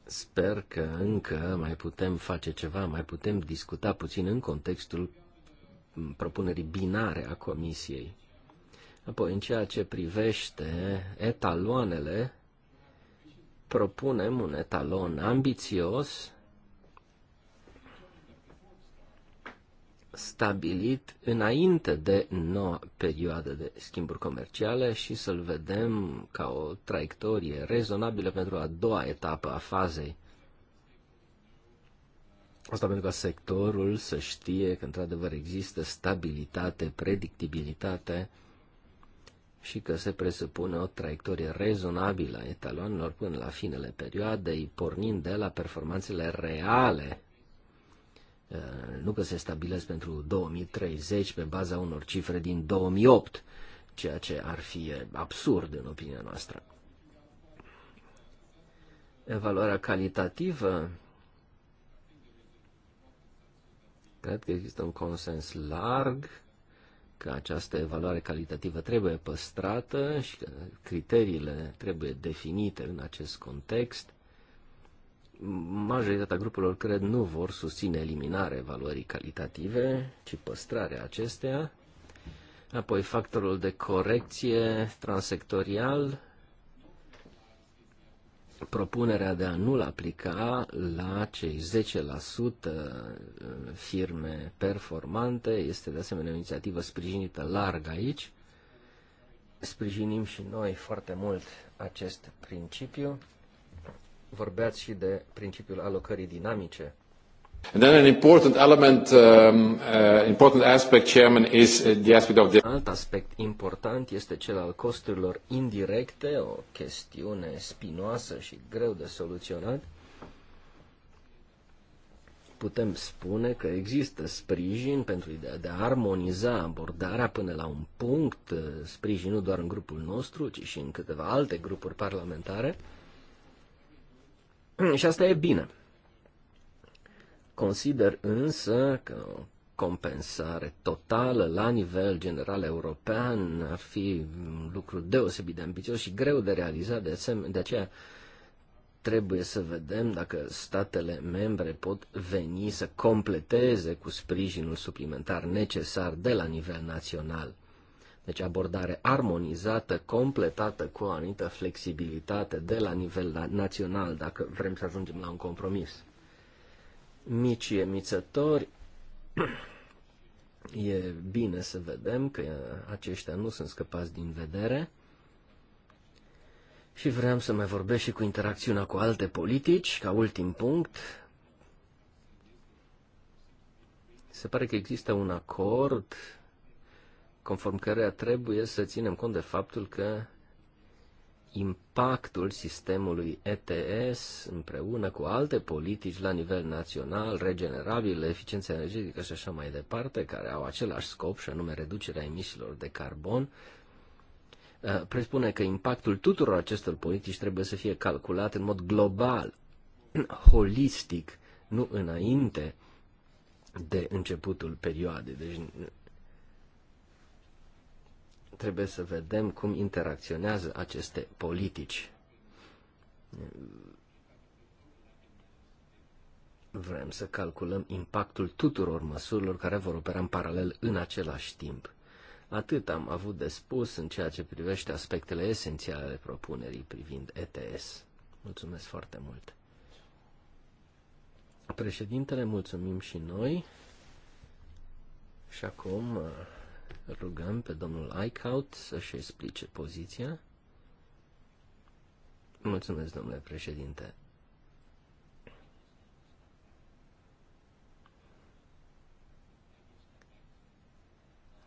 Sper că încă mai putem face ceva, mai putem discuta puțin în contextul propunerii binare a Comisiei. Apoi, în ceea ce privește etaloanele, propunem un etalon ambițios stabilit înainte de noua perioadă de schimburi comerciale și să-l vedem ca o traiectorie rezonabilă pentru a doua etapă a fazei. Asta pentru ca sectorul să știe că într-adevăr există stabilitate, predictibilitate și că se presupune o traiectorie rezonabilă a etaloanelor până la finele perioadei, pornind de la performanțele reale Eh, nu că se stabilesc pentru 2030 pe baza unor cifre din 2008, ceea ce ar fi eh, absurd în opinia noastră. Evaluarea calitativă, cred că există un consens larg că această evaluare calitativă trebuie păstrată și că criteriile trebuie definite în acest context majoritatea grupurilor, cred, nu vor susține eliminarea valorii calitative, ci păstrarea acesteia. Apoi factorul de corecție transectorial, propunerea de a nu-l aplica la cei 10% uh, firme performante este de asemenea o inițiativă sprijinită larg aici. Sprijinim și noi foarte mult acest principiu vorbeați și de principiul alocării dinamice. And then an important element, um, uh, important aspect, Chairman, is uh, the aspect of the... Alt aspect important este cel al costurilor indirecte, o chestiune spinoasă și greu de soluționat. Putem spune că există sprijin pentru ideea de a armoniza abordarea până la un punct, uh, sprijin nu doar în grupul nostru, ci și în câteva alte grupuri parlamentare, [CLEARS THROAT] Și asta e bine. Consider însă că o compensare totală la nivel general european ar fi un lucru deosebit de ambițios și greu de realizat, de, asemenea, de aceea trebuie să vedem dacă statele membre pot veni să completeze cu sprijinul suplimentar necesar de la nivel național. Deci abordare armonizată, completată cu o anumită flexibilitate de la nivel național, dacă vrem să ajungem la un compromis. Micii emițători, [CLEARS THROAT] e bine să vedem că aceștia nu sunt scăpați din vedere. Și vreau să mai vorbesc și cu interacțiunea cu alte politici, ca ultim punct. Se pare că există un acord conform căreia trebuie să ținem cont de faptul că impactul sistemului ETS împreună cu alte politici la nivel național, regenerabile, eficiența energetică și așa mai departe, care au același scop și anume reducerea emisiilor de carbon, uh, presupune că impactul tuturor acestor politici trebuie să fie calculat în mod global, [CLEARS THROAT] holistic, nu înainte de începutul perioadei. Deci trebuie să vedem cum interacționează aceste politici. Vrem să calculăm impactul tuturor măsurilor care vor opera în paralel în același timp. Atât am avut de spus în ceea ce privește aspectele esențiale ale propunerii privind ETS. Mulțumesc foarte mult. Președintele, mulțumim și noi. Și acum rugăm pe domnul Eichhout să-și explice poziția. Mulțumesc, domnule președinte.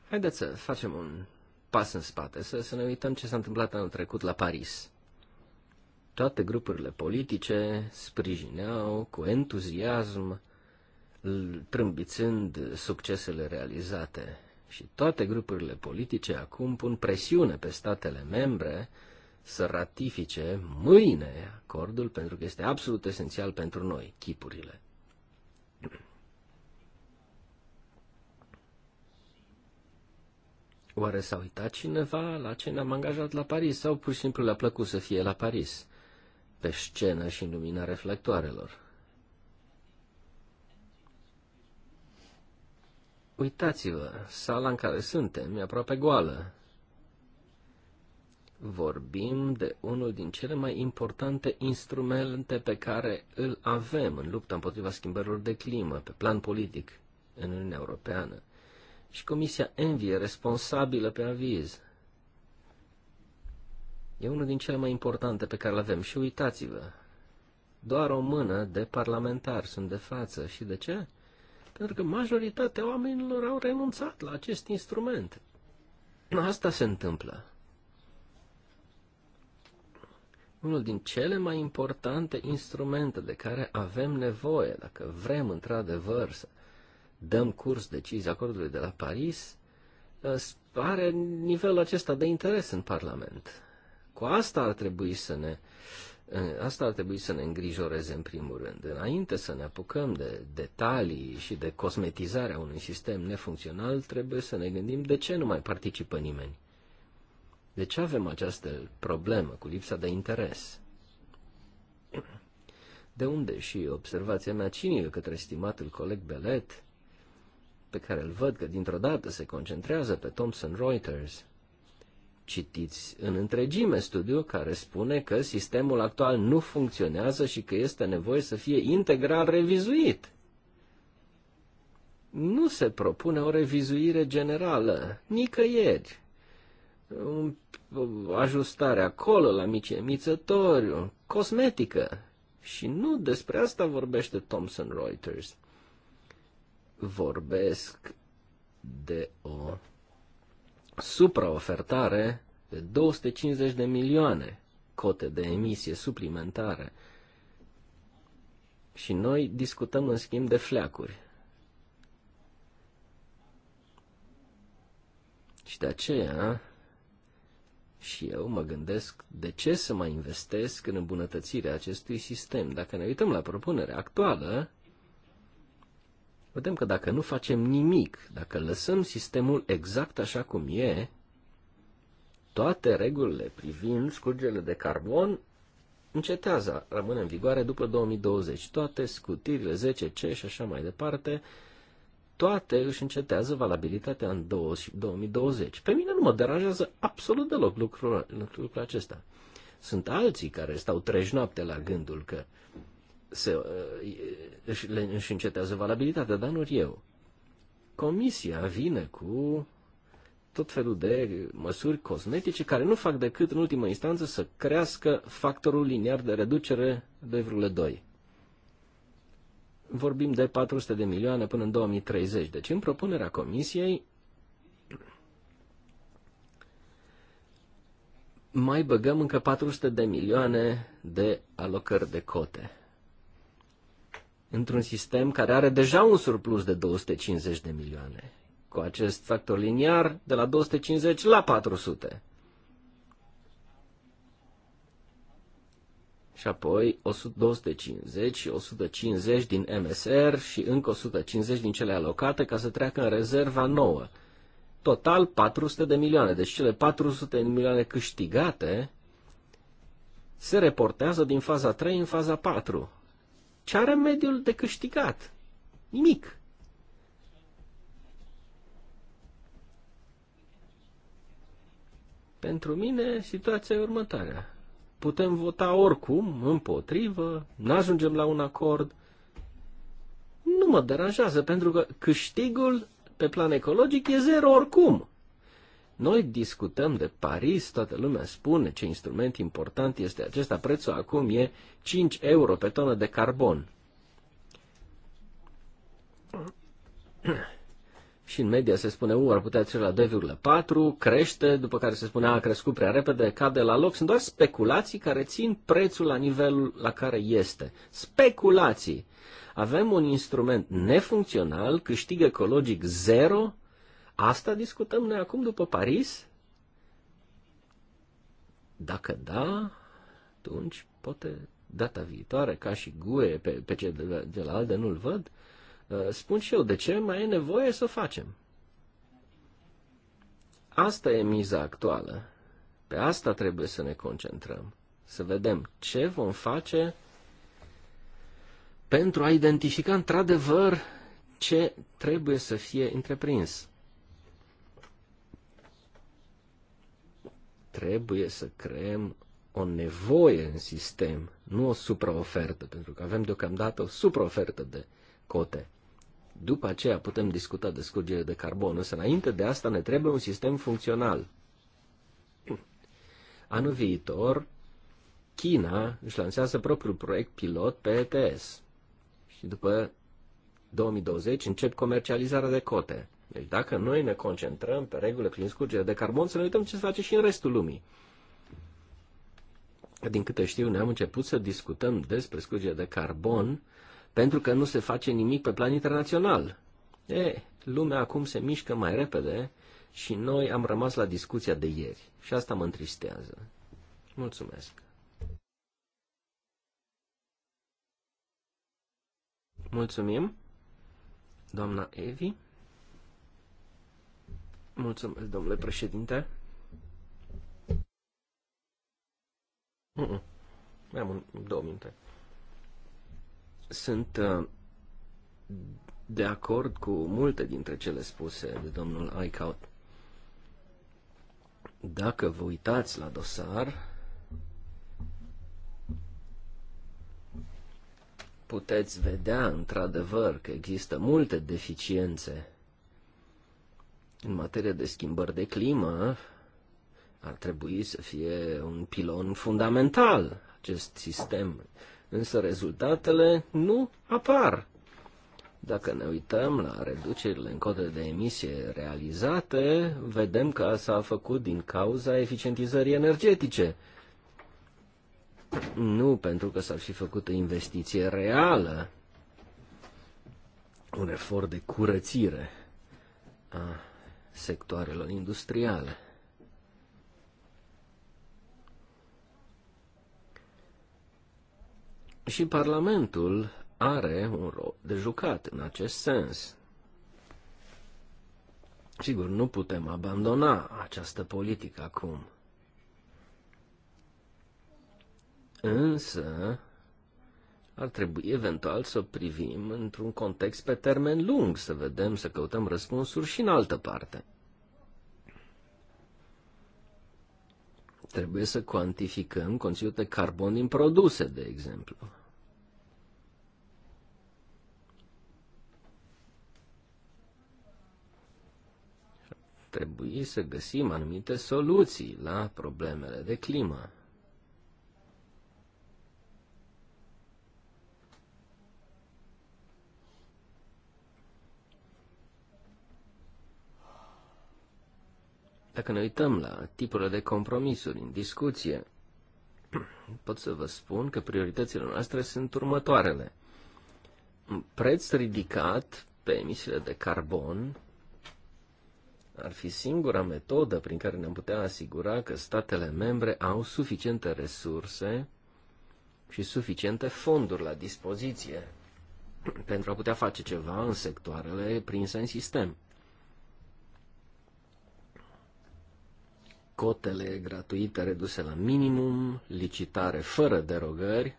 Haideți să facem un pas în spate, să, să ne uităm ce s-a întâmplat anul trecut la Paris. Toate grupurile politice sprijineau cu entuziasm, trâmbițând succesele realizate. Și toate grupurile politice acum pun presiune pe statele membre să ratifice mâine acordul, pentru că este absolut esențial pentru noi, chipurile. Oare s-a uitat cineva la ce ne-am angajat la Paris sau pur și simplu le-a plăcut să fie la Paris, pe scenă și în lumina reflectoarelor? Uitați-vă, sala în care suntem e aproape goală. Vorbim de unul din cele mai importante instrumente pe care îl avem în lupta împotriva schimbărilor de climă, pe plan politic, în Uniunea Europeană. Și Comisia Envy e responsabilă pe aviz. E unul din cele mai importante pe care îl avem. Și uitați-vă, doar o mână de parlamentari sunt de față. Și de ce? Pentru că majoritatea oamenilor au renunțat la acest instrument. Asta se întâmplă. Unul din cele mai importante instrumente de care avem nevoie, dacă vrem într-adevăr să dăm curs decizii acordului de la Paris, ă, are nivelul acesta de interes în Parlament. Cu asta ar trebui să ne Eh, asta ar trebui să ne îngrijoreze în primul rând. Înainte să ne apucăm de detalii și de cosmetizarea unui sistem nefuncțional, trebuie să ne gândim de ce nu mai participă nimeni. De ce avem această problemă cu lipsa de interes? De unde și observația mea cinică către stimatul coleg Belet, pe care îl văd că dintr-o dată se concentrează pe Thomson Reuters, citiți în întregime studiul care spune că sistemul actual nu funcționează și că este nevoie să fie integral revizuit. Nu se propune o revizuire generală, nicăieri. O ajustare acolo la mici emițători, cosmetică. Și nu despre asta vorbește Thomson Reuters. Vorbesc de o supraofertare de 250 de milioane cote de emisie suplimentare. Și noi discutăm în schimb de fleacuri. Și de aceea și eu mă gândesc de ce să mai investesc în îmbunătățirea acestui sistem. Dacă ne uităm la propunerea actuală, vedem că dacă nu facem nimic, dacă lăsăm sistemul exact așa cum e, toate regulile privind scurgele de carbon încetează, rămân în vigoare după 2020. Toate scutirile 10C și așa mai departe, toate își încetează valabilitatea în 2020. Pe mine nu mă deranjează absolut deloc lucrul, lucrul acesta. Sunt alții care stau treci noapte la gândul că uh, se, uh, își, le, își încetează valabilitatea, dar nu eu. Comisia vine cu tot felul de măsuri cosmetice care nu fac decât, în ultimă instanță, să crească factorul liniar de reducere 2,2. Vorbim de 400 de milioane până în 2030. Deci, în propunerea Comisiei, mai băgăm încă 400 de milioane de alocări de cote într-un sistem care are deja un surplus de 250 de milioane, cu acest factor liniar de la 250 la 400. Și apoi 250 și 150 din MSR și încă 150 din cele alocate ca să treacă în rezerva nouă. Total 400 de milioane. Deci cele 400 de milioane câștigate se reportează din faza 3 în faza 4. Ce are mediul de câștigat? Nimic. Pentru mine, situația e următoarea. Putem vota oricum, împotrivă, nu ajungem la un acord. Nu mă deranjează, pentru că câștigul pe plan ecologic e zero oricum. Noi discutăm de Paris, toată lumea spune ce instrument important este acesta. Prețul acum e 5 euro pe tonă de carbon. [CLEARS THROAT] și în media se spune, u, ar putea trece la 2,4, crește, după care se spune, a, a crescut prea repede, cade la loc. Sunt doar speculații care țin prețul la nivelul la care este. Speculații! Avem un instrument nefuncțional, câștig ecologic zero, Asta discutăm noi acum după Paris? Dacă da, atunci poate data viitoare, ca și guie pe, pe ce de la, de la ALDE nu-l văd, uh, spun și eu de ce mai e nevoie să o facem. Asta e miza actuală. Pe asta trebuie să ne concentrăm. Să vedem ce vom face pentru a identifica într-adevăr ce trebuie să fie întreprins. trebuie să creăm o nevoie în sistem, nu o supraofertă, pentru că avem deocamdată o supraofertă de cote. După aceea putem discuta de scurgere de carbon, însă înainte de asta ne trebuie un sistem funcțional. [CLEARS THROAT] Anul viitor, China își lansează propriul proiect pilot pe ETS și după 2020 încep comercializarea de cote. Deci dacă noi ne concentrăm pe regulile prin scurgere de carbon, să ne uităm ce se face și în restul lumii. Din câte știu, ne-am început să discutăm despre scurgere de carbon pentru că nu se face nimic pe plan internațional. E, lumea acum se mișcă mai repede și noi am rămas la discuția de ieri. Și asta mă întristează. Mulțumesc. Mulțumim, doamna Evi. Mulțumesc, domnule președinte. Mm, mm. Mai am un, două minute. Sunt uh, de acord cu multe dintre cele spuse de domnul Aicaut. Dacă vă uitați la dosar, puteți vedea într-adevăr că există multe deficiențe în materie de schimbări de climă ar trebui să fie un pilon fundamental acest sistem. Însă rezultatele nu apar. Dacă ne uităm la reducerile în cote de emisie realizate, vedem că s-a făcut din cauza eficientizării energetice. Nu pentru că s-ar fi făcut o investiție reală, un efort de curățire a sectoarelor industriale. Și Parlamentul are un rol de jucat în acest sens. Sigur, nu putem abandona această politică acum. Însă, ar trebui eventual să privim într-un context pe termen lung, să vedem, să căutăm răspunsuri și în altă parte. Trebuie să cuantificăm conținutul de carbon din produse, de exemplu. Trebuie să găsim anumite soluții la problemele de climă. Dacă ne uităm la tipurile de compromisuri în discuție, [CLEARS THROAT] pot să vă spun că prioritățile noastre sunt următoarele. Un preț ridicat pe emisiile de carbon ar fi singura metodă prin care ne-am putea asigura că statele membre au suficiente resurse și suficiente fonduri la dispoziție [CLEARS THROAT] pentru a putea face ceva în sectoarele prinse în sistem. cotele gratuite reduse la minimum, licitare fără derogări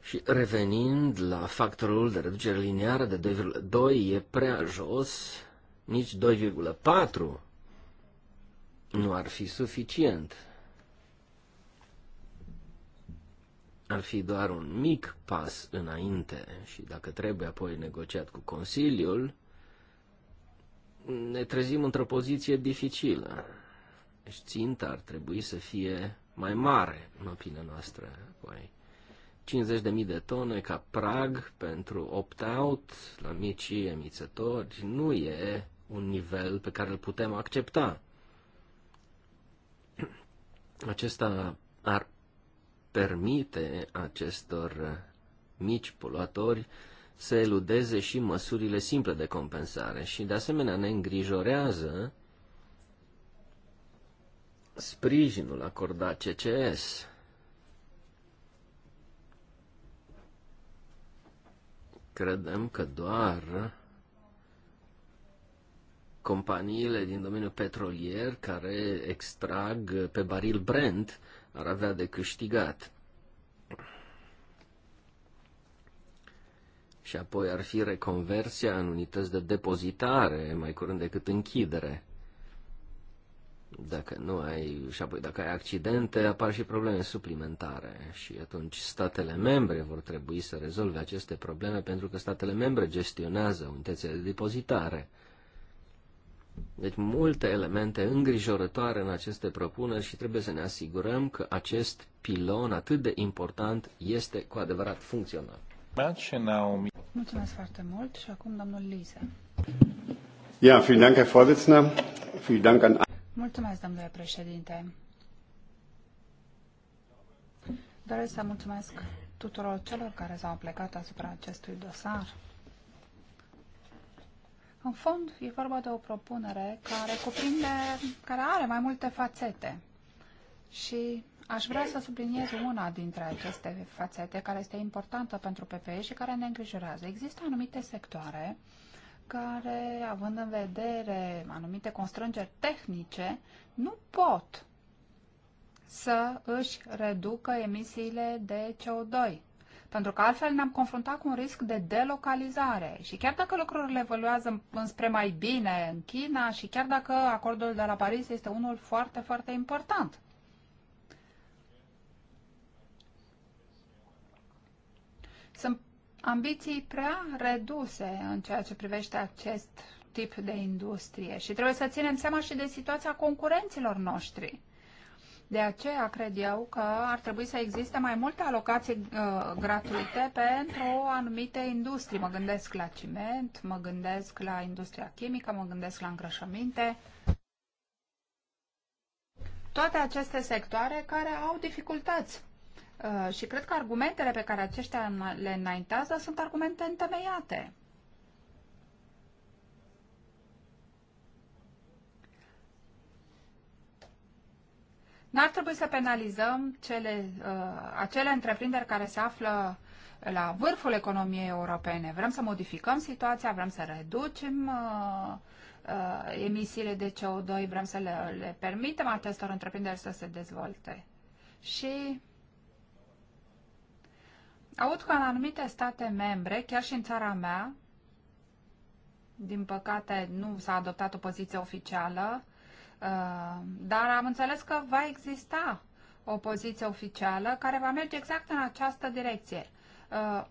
și revenind la factorul de reducere lineară de 2,2 e prea jos, nici 2,4 nu ar fi suficient. Ar fi doar un mic pas înainte și dacă trebuie apoi negociat cu Consiliul, ne trezim într-o poziție dificilă. Deci ținta ar trebui să fie mai mare, în opinia noastră. 50.000 de tone ca prag pentru opt-out la micii emițători nu e un nivel pe care îl putem accepta. Acesta ar permite acestor mici poluatori să eludeze și măsurile simple de compensare și de asemenea ne îngrijorează sprijinul acordat CCS. Credem că doar companiile din domeniul petrolier care extrag pe baril Brent ar avea de câștigat. și apoi ar fi reconversia în unități de depozitare, mai curând decât închidere. Dacă nu ai, și apoi dacă ai accidente, apar și probleme suplimentare și atunci statele membre vor trebui să rezolve aceste probleme pentru că statele membre gestionează unitățile de depozitare. Deci multe elemente îngrijorătoare în aceste propuneri și trebuie să ne asigurăm că acest pilon atât de important este cu adevărat funcțional. Mulțumesc foarte mult și acum domnul Lise. Ja, vielen Dank, Herr Vorsitzender. Vielen Dank an... Mulțumesc, domnule președinte. Doresc să mulțumesc tuturor celor care s-au plecat asupra acestui dosar. În fond, e vorba de o propunere care cuprinde, care are mai multe fațete și Aș vrea să subliniez una dintre aceste fațete care este importantă pentru PPE și care ne îngrijorează. Există anumite sectoare care, având în vedere anumite constrângeri tehnice, nu pot să își reducă emisiile de CO2. Pentru că altfel ne-am confruntat cu un risc de delocalizare. Și chiar dacă lucrurile evoluează înspre mai bine în China și chiar dacă acordul de la Paris este unul foarte, foarte important, Sunt ambiții prea reduse în ceea ce privește acest tip de industrie și trebuie să ținem seama și de situația concurenților noștri. De aceea cred eu că ar trebui să existe mai multe alocații uh, gratuite pentru anumite industrii. Mă gândesc la ciment, mă gândesc la industria chimică, mă gândesc la îngrășăminte. Toate aceste sectoare care au dificultăți Uh, și cred că argumentele pe care aceștia le înaintează sunt argumente întemeiate. N-ar trebui să penalizăm cele, uh, acele întreprinderi care se află la vârful economiei europene. Vrem să modificăm situația, vrem să reducem uh, uh, emisiile de CO2, vrem să le, le permitem acestor întreprinderi să se dezvolte. Și Aud că în anumite state membre, chiar și în țara mea, din păcate nu s-a adoptat o poziție oficială, uh, dar am înțeles că va exista o poziție oficială care va merge exact în această direcție. Uh,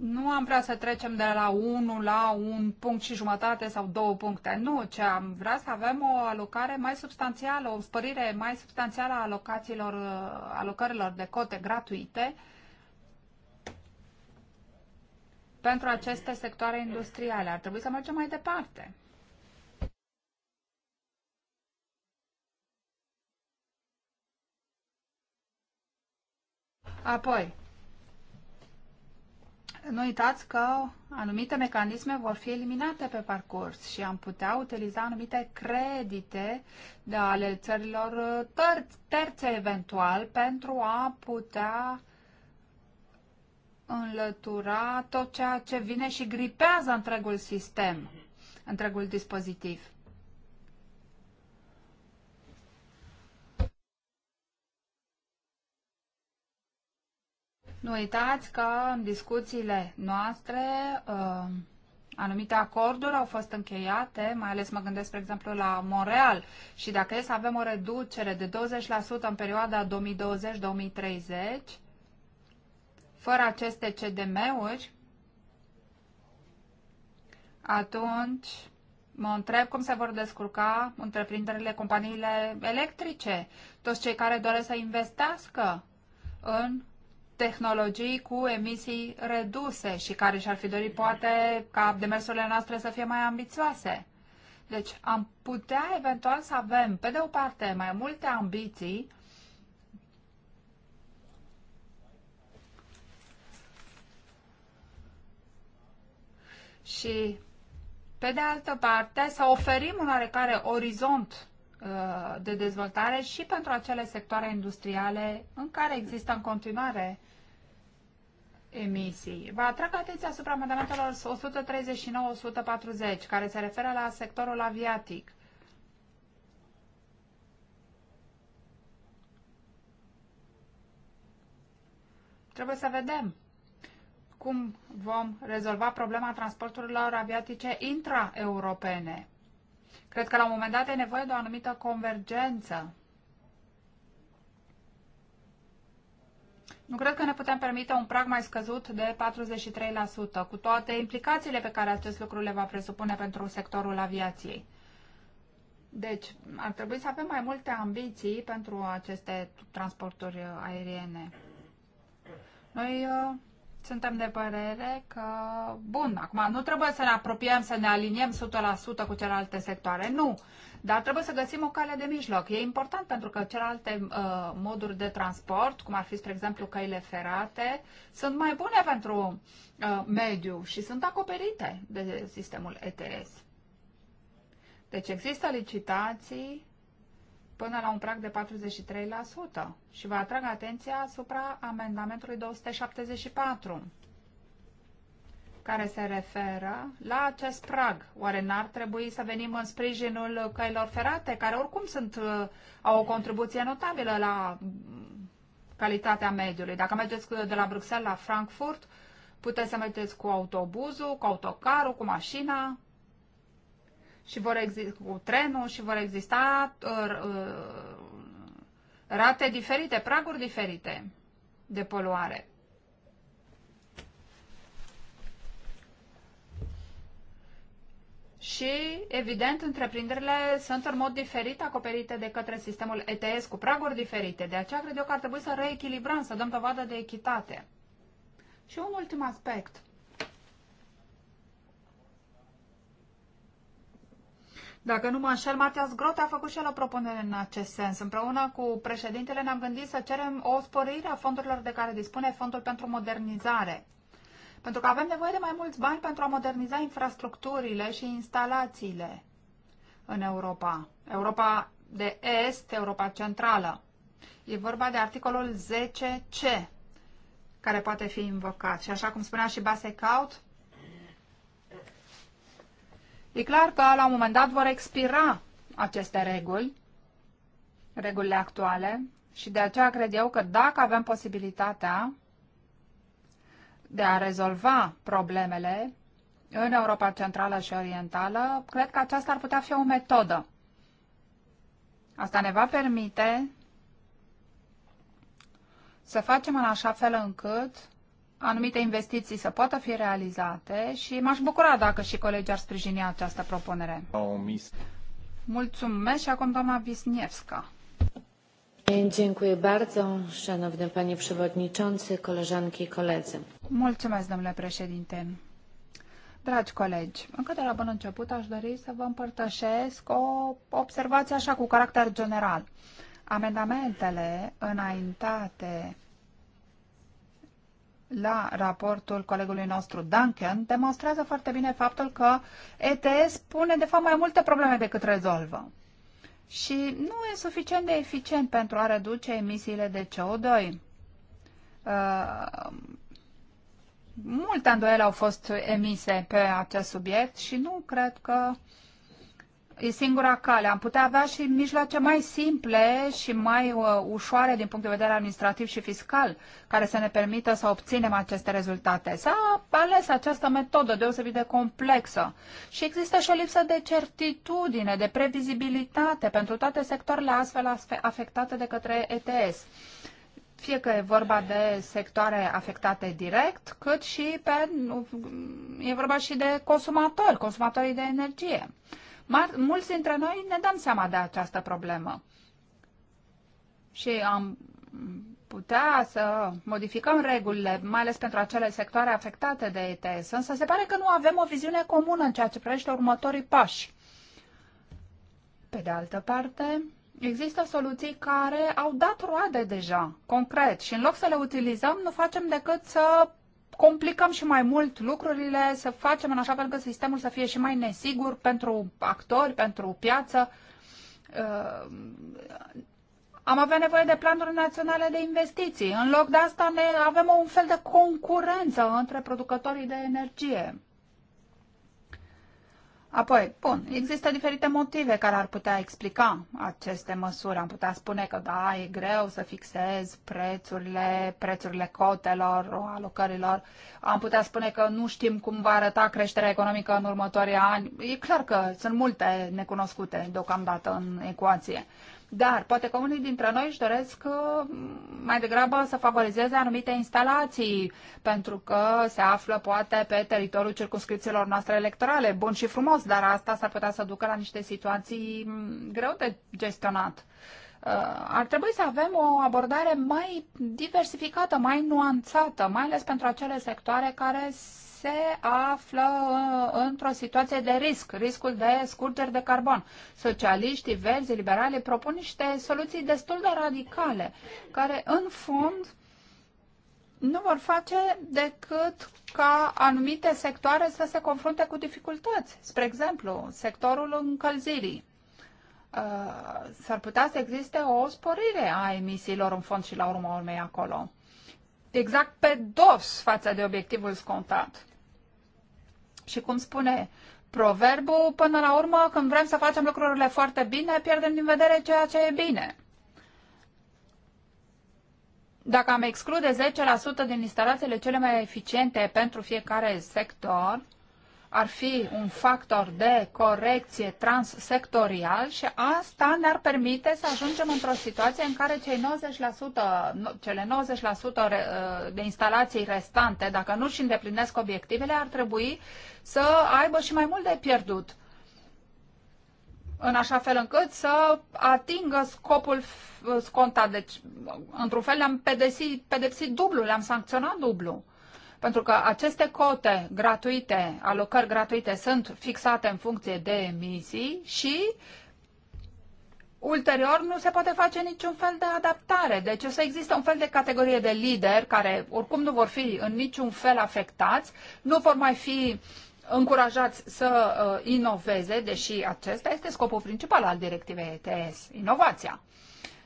nu am vrea să trecem de la 1 la un punct și jumătate sau două puncte. Nu, ce am vrea să avem o alocare mai substanțială, o spărire mai substanțială a alocațiilor, alocărilor de cote gratuite pentru aceste sectoare industriale. Ar trebui să mergem mai departe. Apoi, nu uitați că anumite mecanisme vor fi eliminate pe parcurs și am putea utiliza anumite credite de ale țărilor uh, terțe eventual pentru a putea înlătura tot ceea ce vine și gripează întregul sistem, întregul dispozitiv. Nu uitați că în discuțiile noastre uh, anumite acorduri au fost încheiate, mai ales mă gândesc, spre exemplu, la Montreal și dacă e să avem o reducere de 20% în perioada 2020-2030, fără aceste CDM-uri, atunci mă întreb cum se vor descurca întreprinderile, companiile electrice, toți cei care doresc să investească în tehnologii cu emisii reduse și care și-ar fi dorit poate ca demersurile noastre să fie mai ambițioase. Deci am putea eventual să avem, pe de o parte, mai multe ambiții și, pe de altă parte, să oferim un oarecare orizont Uh, de dezvoltare și pentru acele sectoare industriale în care există în continuare emisii. Vă atrag atenția asupra amendamentelor 139-140, care se referă la sectorul aviatic. Trebuie să vedem cum vom rezolva problema transporturilor aviatice intra-europene. Cred că la un moment dat e nevoie de o anumită convergență. Nu cred că ne putem permite un prag mai scăzut de 43%, cu toate implicațiile pe care acest lucru le va presupune pentru sectorul aviației. Deci, ar trebui să avem mai multe ambiții pentru aceste transporturi aeriene. Noi uh, suntem de părere că, bun, acum nu trebuie să ne apropiem, să ne aliniem 100% cu celelalte sectoare, nu. Dar trebuie să găsim o cale de mijloc. E important pentru că celelalte uh, moduri de transport, cum ar fi, spre exemplu, căile ferate, sunt mai bune pentru uh, mediu și sunt acoperite de sistemul ETS. Deci există licitații până la un prag de 43% și vă atrag atenția asupra amendamentului 274 care se referă la acest prag. Oare n-ar trebui să venim în sprijinul căilor ferate, care oricum sunt, uh, au o contribuție notabilă la mm, calitatea mediului? Dacă mergeți de la Bruxelles la Frankfurt, puteți să mergeți cu autobuzul, cu autocarul, cu mașina, și vor exista cu trenul și vor exista uh, uh, rate diferite, praguri diferite de poluare. Și, evident, întreprinderile sunt în mod diferit acoperite de către sistemul ETS cu praguri diferite. De aceea cred eu că ar trebui să reechilibrăm, să dăm dovadă de echitate. Și un ultim aspect – Dacă nu mă înșel, Matias Grote a făcut și el o propunere în acest sens. Împreună cu președintele ne-am gândit să cerem o sporire a fondurilor de care dispune Fondul pentru Modernizare. Pentru că avem nevoie de mai mulți bani pentru a moderniza infrastructurile și instalațiile în Europa. Europa de Est, Europa Centrală. E vorba de articolul 10C, care poate fi invocat. Și așa cum spunea și Basecaut, E clar că la un moment dat vor expira aceste reguli, regulile actuale, și de aceea cred eu că dacă avem posibilitatea de a rezolva problemele în Europa Centrală și Orientală, cred că aceasta ar putea fi o metodă. Asta ne va permite să facem în așa fel încât anumite investiții să poată fi realizate și m-aș bucura dacă și colegii ar sprijini această propunere. Mulțumesc și acum doamna Wisniewska. Dziękuję bardzo, szanowny panie przewodniczący, koleżanki i koledzy. Mulțumesc, domnule președinte. Dragi colegi, încă de la bun început aș dori să vă împărtășesc o observație așa cu caracter general. Amendamentele înaintate la raportul colegului nostru Duncan demonstrează foarte bine faptul că ETS pune de fapt mai multe probleme decât rezolvă. Și nu e suficient de eficient pentru a reduce emisiile de CO2. Uh, multe îndoiele au fost emise pe acest subiect și nu cred că uh, e singura cale. Am putea avea și mijloace mai simple și mai uh, ușoare din punct de vedere administrativ și fiscal, care să ne permită să obținem aceste rezultate. S-a ales această metodă deosebit de complexă și există și o lipsă de certitudine, de previzibilitate pentru toate sectoarele astfel afectate de către ETS fie că e vorba de sectoare afectate direct, cât și pe, e vorba și de consumatori, consumatorii de energie mulți dintre noi ne dăm seama de această problemă. Și am putea să modificăm regulile, mai ales pentru acele sectoare afectate de ETS, însă se pare că nu avem o viziune comună în ceea ce privește următorii pași. Pe de altă parte, există soluții care au dat roade deja, concret, și în loc să le utilizăm, nu facem decât să complicăm și mai mult lucrurile, să facem în așa fel că sistemul să fie și mai nesigur pentru actori, pentru piață. Uh, am avea nevoie de planuri naționale de investiții. În loc de asta ne avem un fel de concurență între producătorii de energie. Apoi, bun, există diferite motive care ar putea explica aceste măsuri. Am putea spune că da, e greu să fixez prețurile, prețurile cotelor, alocărilor. Am putea spune că nu știm cum va arăta creșterea economică în următorii ani. E clar că sunt multe necunoscute deocamdată în ecuație. Dar poate că unii dintre noi își doresc uh, mai degrabă să favorizeze anumite instalații, pentru că se află poate pe teritoriul circunscripțiilor noastre electorale. Bun și frumos, dar asta s-ar putea să ducă la niște situații mm, greu de gestionat. Uh, ar trebui să avem o abordare mai diversificată, mai nuanțată, mai ales pentru acele sectoare care se află într-o situație de risc, riscul de scurgeri de carbon. Socialiștii, verzi, liberale propun niște soluții destul de radicale, care în fond nu vor face decât ca anumite sectoare să se confrunte cu dificultăți. Spre exemplu, sectorul încălzirii. Uh, s-ar putea să existe o sporire a emisiilor în fond și la urma urmei acolo exact pe dos față de obiectivul scontat. Și cum spune proverbul, până la urmă, când vrem să facem lucrurile foarte bine, pierdem din vedere ceea ce e bine. Dacă am exclude 10% din instalațiile cele mai eficiente pentru fiecare sector, ar fi un factor de corecție transsectorial și asta ne-ar permite să ajungem într-o situație în care cei 90%, cele 90% uh, de instalații restante, dacă nu și îndeplinesc obiectivele, ar trebui să aibă și mai mult de pierdut în așa fel încât să atingă scopul scontat. Deci, într-un fel, le-am pedepsit, pedepsit dublu, le-am sancționat dublu pentru că aceste cote gratuite, alocări gratuite, sunt fixate în funcție de emisii și ulterior nu se poate face niciun fel de adaptare. Deci o să există un fel de categorie de lideri care oricum nu vor fi în niciun fel afectați, nu vor mai fi încurajați să uh, inoveze, deși acesta este scopul principal al directivei ETS, inovația,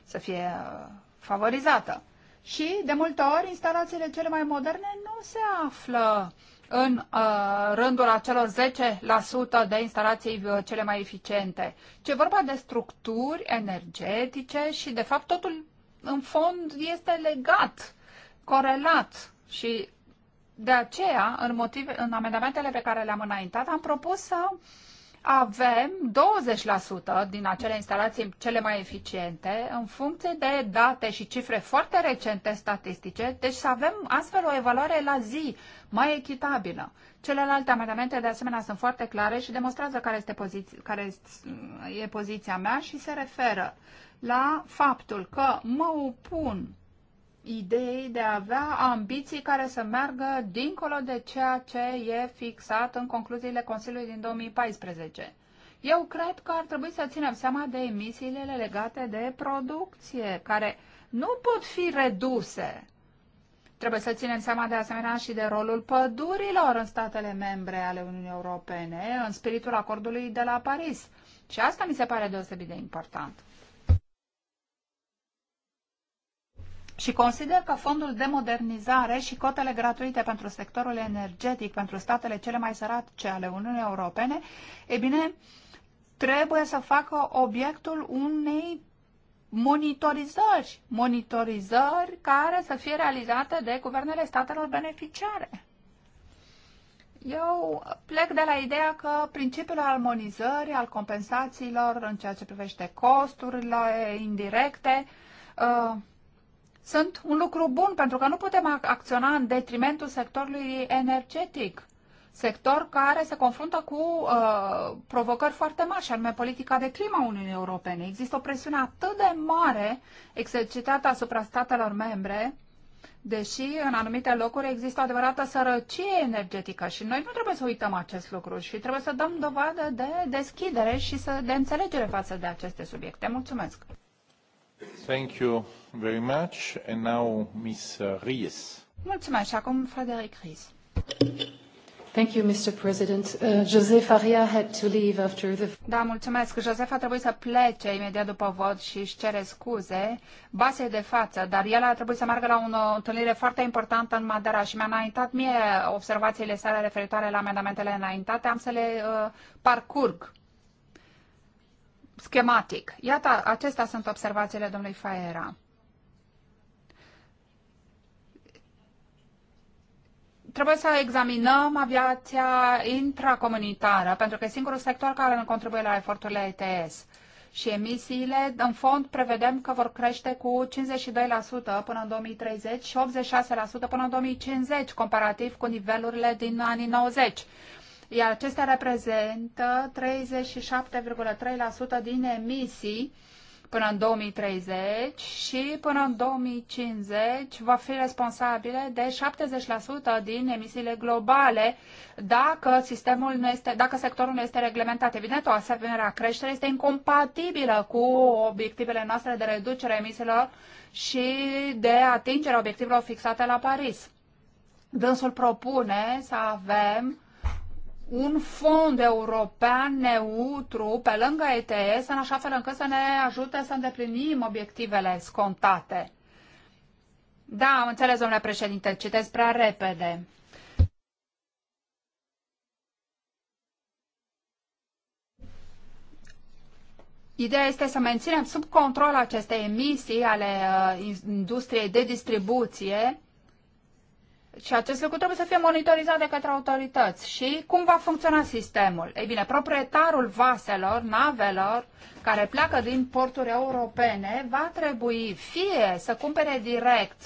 să fie uh, favorizată și, de multe ori, instalațiile cele mai moderne nu se află în uh, rândul acelor 10% de instalații uh, cele mai eficiente, Ce vorba de structuri energetice și, de fapt, totul în fond este legat, corelat și de aceea, în, motive, în amendamentele pe care le-am înaintat, am propus să uh, avem 20% din acele instalații cele mai eficiente în funcție de date și cifre foarte recente statistice, deci să avem astfel o evaluare la zi mai echitabilă. Celelalte amendamente de asemenea sunt foarte clare și demonstrează care, este poziție, care e poziția mea și se referă la faptul că mă opun ideii de a avea ambiții care să meargă dincolo de ceea ce e fixat în concluziile Consiliului din 2014. Eu cred că ar trebui să ținem seama de emisiile legate de producție, care nu pot fi reduse. Trebuie să ținem seama de asemenea și de rolul pădurilor în statele membre ale Uniunii Europene, în spiritul acordului de la Paris. Și asta mi se pare deosebit de important. Și consider că fondul de modernizare și cotele gratuite pentru sectorul energetic, pentru statele cele mai sărace ale Uniunii Europene, e bine, trebuie să facă obiectul unei monitorizări, monitorizări care să fie realizate de guvernele statelor beneficiare. Eu plec de la ideea că principiul armonizării, al compensațiilor în ceea ce privește costurile indirecte, uh, sunt un lucru bun, pentru că nu putem acționa în detrimentul sectorului energetic, sector care se confruntă cu uh, provocări foarte mari, și anume politica de clima a Uniunii Europene. Există o presiune atât de mare exercitată asupra statelor membre, deși în anumite locuri există o adevărată sărăcie energetică și noi nu trebuie să uităm acest lucru și trebuie să dăm dovadă de deschidere și să, de înțelegere față de aceste subiecte. Mulțumesc! Thank you very much. And now Ms. Ries. Mulțumesc. Și acum Frederic Ries. Thank you, Mr. President. Uh, José Faria had to leave after the... Da, mulțumesc. Joseph a trebuit să plece imediat după vot și își cere scuze. Base de față, dar el a trebuit să meargă la o întâlnire foarte importantă în Madera și mi-a înaintat mie observațiile sale referitoare la amendamentele înaintate. Am să le uh, parcurg schematic. Iată, acestea sunt observațiile domnului Faera. Trebuie să examinăm aviația intracomunitară, pentru că e singurul sector care nu contribuie la eforturile ETS. Și emisiile, în fond, prevedem că vor crește cu 52% până în 2030 și 86% până în 2050, comparativ cu nivelurile din anii 90 iar acestea reprezintă 37,3% din emisii până în 2030 și până în 2050 va fi responsabile de 70% din emisiile globale dacă sistemul nu este, dacă sectorul nu este reglementat. Evident, o asemenea creștere este incompatibilă cu obiectivele noastre de reducere a emisiilor și de atingerea obiectivelor fixate la Paris. Dânsul propune să avem un fond european neutru pe lângă ETS, în așa fel încât să ne ajute să îndeplinim obiectivele scontate. Da, am înțeles, domnule președinte, citesc prea repede. Ideea este să menținem sub control aceste emisii ale uh, industriei de distribuție și acest lucru trebuie să fie monitorizat de către autorități. Și cum va funcționa sistemul? Ei bine, proprietarul vaselor, navelor, care pleacă din porturi europene, va trebui fie să cumpere direct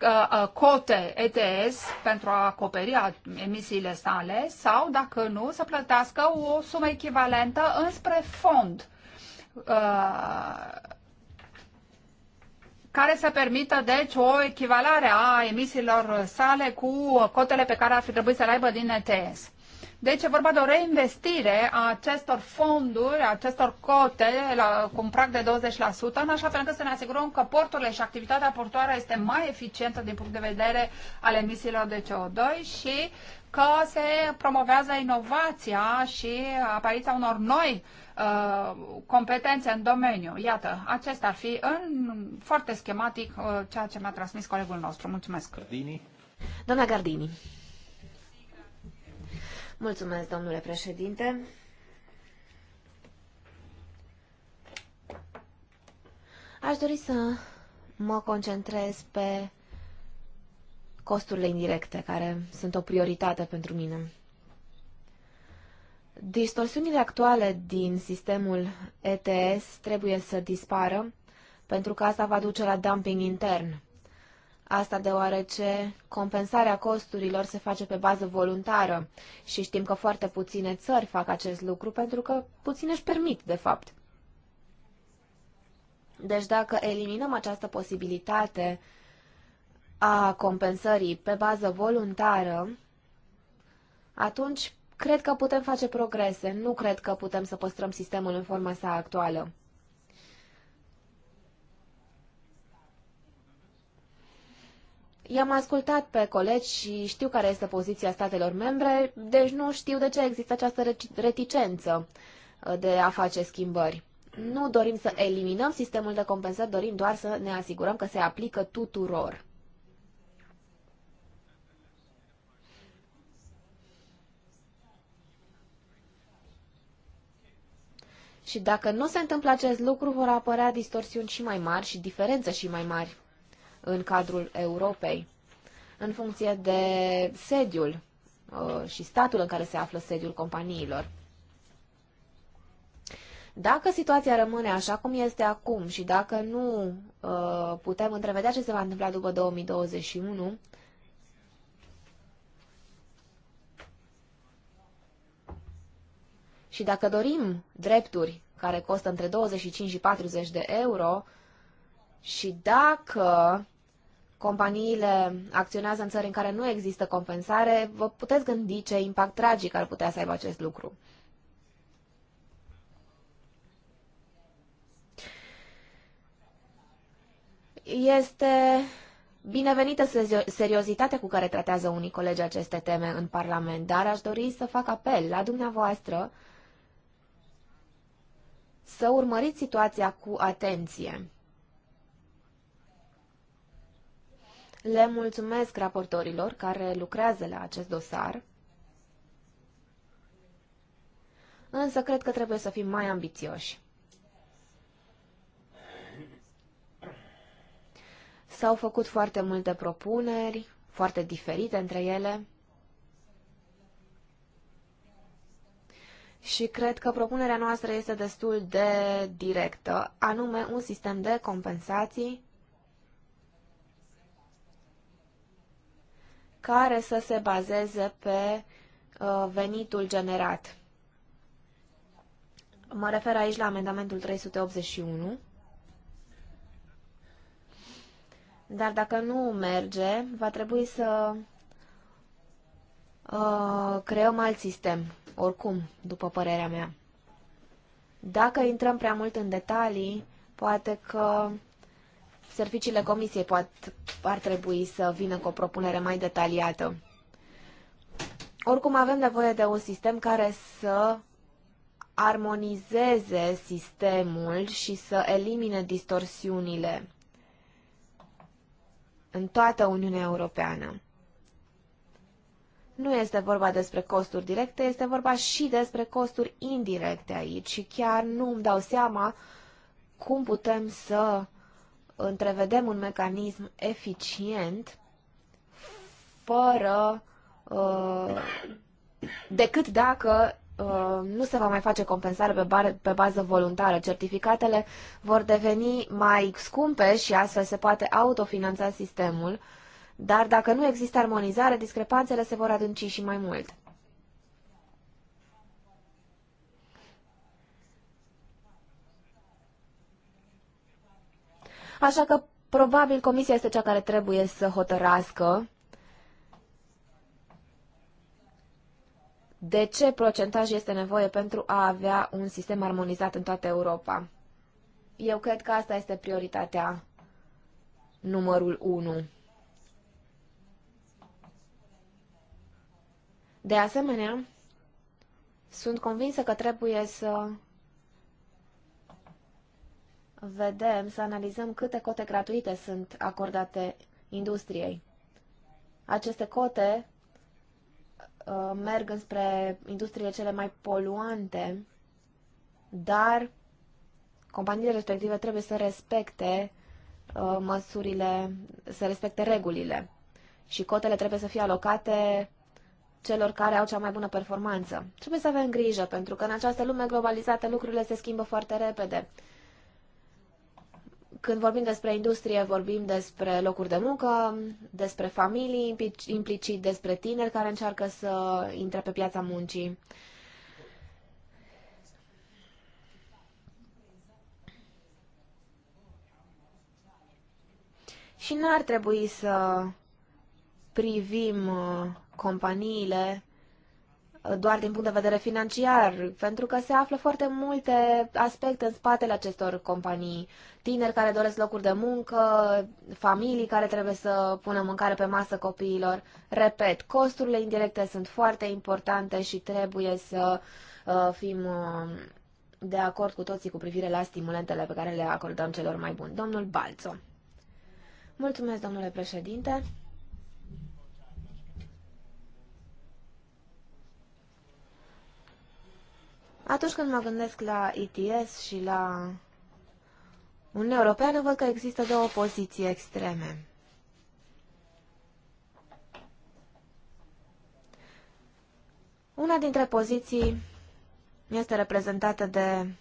uh, uh, cote ETS pentru a acoperi emisiile sale sau, dacă nu, să plătească o sumă echivalentă înspre fond uh, care să permită, deci, o echivalare a emisiilor sale cu cotele pe care ar fi trebuit să le aibă din ETS. Deci e vorba de o reinvestire a acestor fonduri, a acestor cote la, cu un prag de 20%, în așa fel încât să ne asigurăm că porturile și activitatea portoară este mai eficientă din punct de vedere al emisiilor de CO2 și că se promovează inovația și apariția unor noi uh, Uh, competențe în domeniu. Iată, acesta ar fi în, foarte schematic uh, ceea ce mi-a transmis colegul nostru. Mulțumesc. Gardini. Doamna Gardini. Mulțumesc, domnule președinte. Aș dori să mă concentrez pe costurile indirecte, care sunt o prioritate pentru mine. Distorsiunile actuale din sistemul ETS trebuie să dispară, pentru că asta va duce la dumping intern. Asta deoarece compensarea costurilor se face pe bază voluntară și știm că foarte puține țări fac acest lucru pentru că puține își permit, de fapt. Deci dacă eliminăm această posibilitate a compensării pe bază voluntară, atunci Cred că putem face progrese, nu cred că putem să păstrăm sistemul în forma sa actuală. I-am ascultat pe colegi și știu care este poziția statelor membre, deci nu știu de ce există această reticență uh, de a face schimbări. Nu dorim să eliminăm sistemul de compensări, dorim doar să ne asigurăm că se aplică tuturor. Și dacă nu se întâmplă acest lucru, vor apărea distorsiuni și mai mari și diferențe și mai mari în cadrul Europei, în funcție de sediul uh, și statul în care se află sediul companiilor. Dacă situația rămâne așa cum este acum și dacă nu uh, putem întrevedea ce se va întâmpla după 2021, Și dacă dorim drepturi care costă între 25 și 40 de euro și dacă companiile acționează în țări în care nu există compensare, vă puteți gândi ce impact tragic ar putea să aibă acest lucru. Este binevenită seriozitatea cu care tratează unii colegi aceste teme în Parlament, dar aș dori să fac apel la dumneavoastră uh, să urmăriți situația cu atenție. Le mulțumesc raportorilor care lucrează la acest dosar, însă cred că trebuie să fim mai ambițioși. S-au făcut foarte multe propuneri, foarte diferite între ele. și cred că propunerea noastră este destul de directă, anume un sistem de compensații care să se bazeze pe uh, venitul generat. Mă refer aici la amendamentul 381. Dar dacă nu merge, va trebui să uh, creăm alt sistem oricum, după părerea mea. Dacă intrăm prea mult în detalii, poate că serviciile comisiei poat, ar trebui să vină cu o propunere mai detaliată. Oricum avem nevoie de un sistem care să armonizeze sistemul și să elimine distorsiunile în toată Uniunea Europeană. Nu este vorba despre costuri directe, este vorba și despre costuri indirecte aici și chiar nu îmi dau seama cum putem să întrevedem un mecanism eficient fără uh, decât dacă uh, nu se va mai face compensare pe, bar, pe bază voluntară. Certificatele vor deveni mai scumpe și astfel se poate autofinanța sistemul uh, dar dacă nu există armonizare, discrepanțele se vor adânci și mai mult. Așa că probabil comisia este cea care trebuie să hotărască de ce procentaj este nevoie pentru a avea un sistem armonizat în toată Europa. Eu cred că asta este prioritatea numărul 1. De asemenea, sunt convinsă că trebuie să vedem, să analizăm câte cote gratuite sunt acordate industriei. Aceste cote uh, merg înspre industriile cele mai poluante, dar companiile respective trebuie să respecte uh, măsurile, să respecte regulile și cotele trebuie să fie alocate celor care au cea mai bună performanță. Trebuie să avem grijă, pentru că în această lume globalizată lucrurile se schimbă foarte repede. Când vorbim despre industrie, vorbim despre locuri de muncă, despre familii, implicit despre tineri care încearcă să intre pe piața muncii. Și n-ar trebui să privim uh, companiile uh, doar din punct de vedere financiar, pentru că se află foarte multe aspecte în spatele acestor companii. Tineri care doresc locuri de muncă, familii care trebuie să pună mâncare pe masă copiilor. Repet, costurile indirecte sunt foarte importante și trebuie să uh, fim uh, de acord cu toții cu privire la stimulentele pe care le acordăm celor mai buni. Domnul Balțo. Mulțumesc, domnule președinte. Atunci când mă gândesc la ETS și la Uniunea Europeană, văd că există două poziții extreme. Una dintre poziții este reprezentată de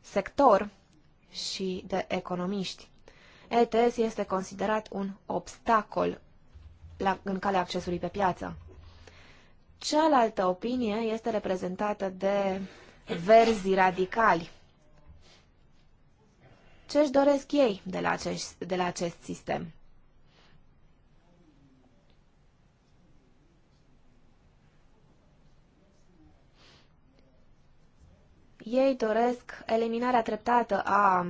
sector și de economiști. ETS este considerat un obstacol la, în calea accesului pe piață. Cealaltă opinie este reprezentată de verzii radicali. Ce își doresc ei de la acest, de la acest sistem? Ei doresc eliminarea treptată a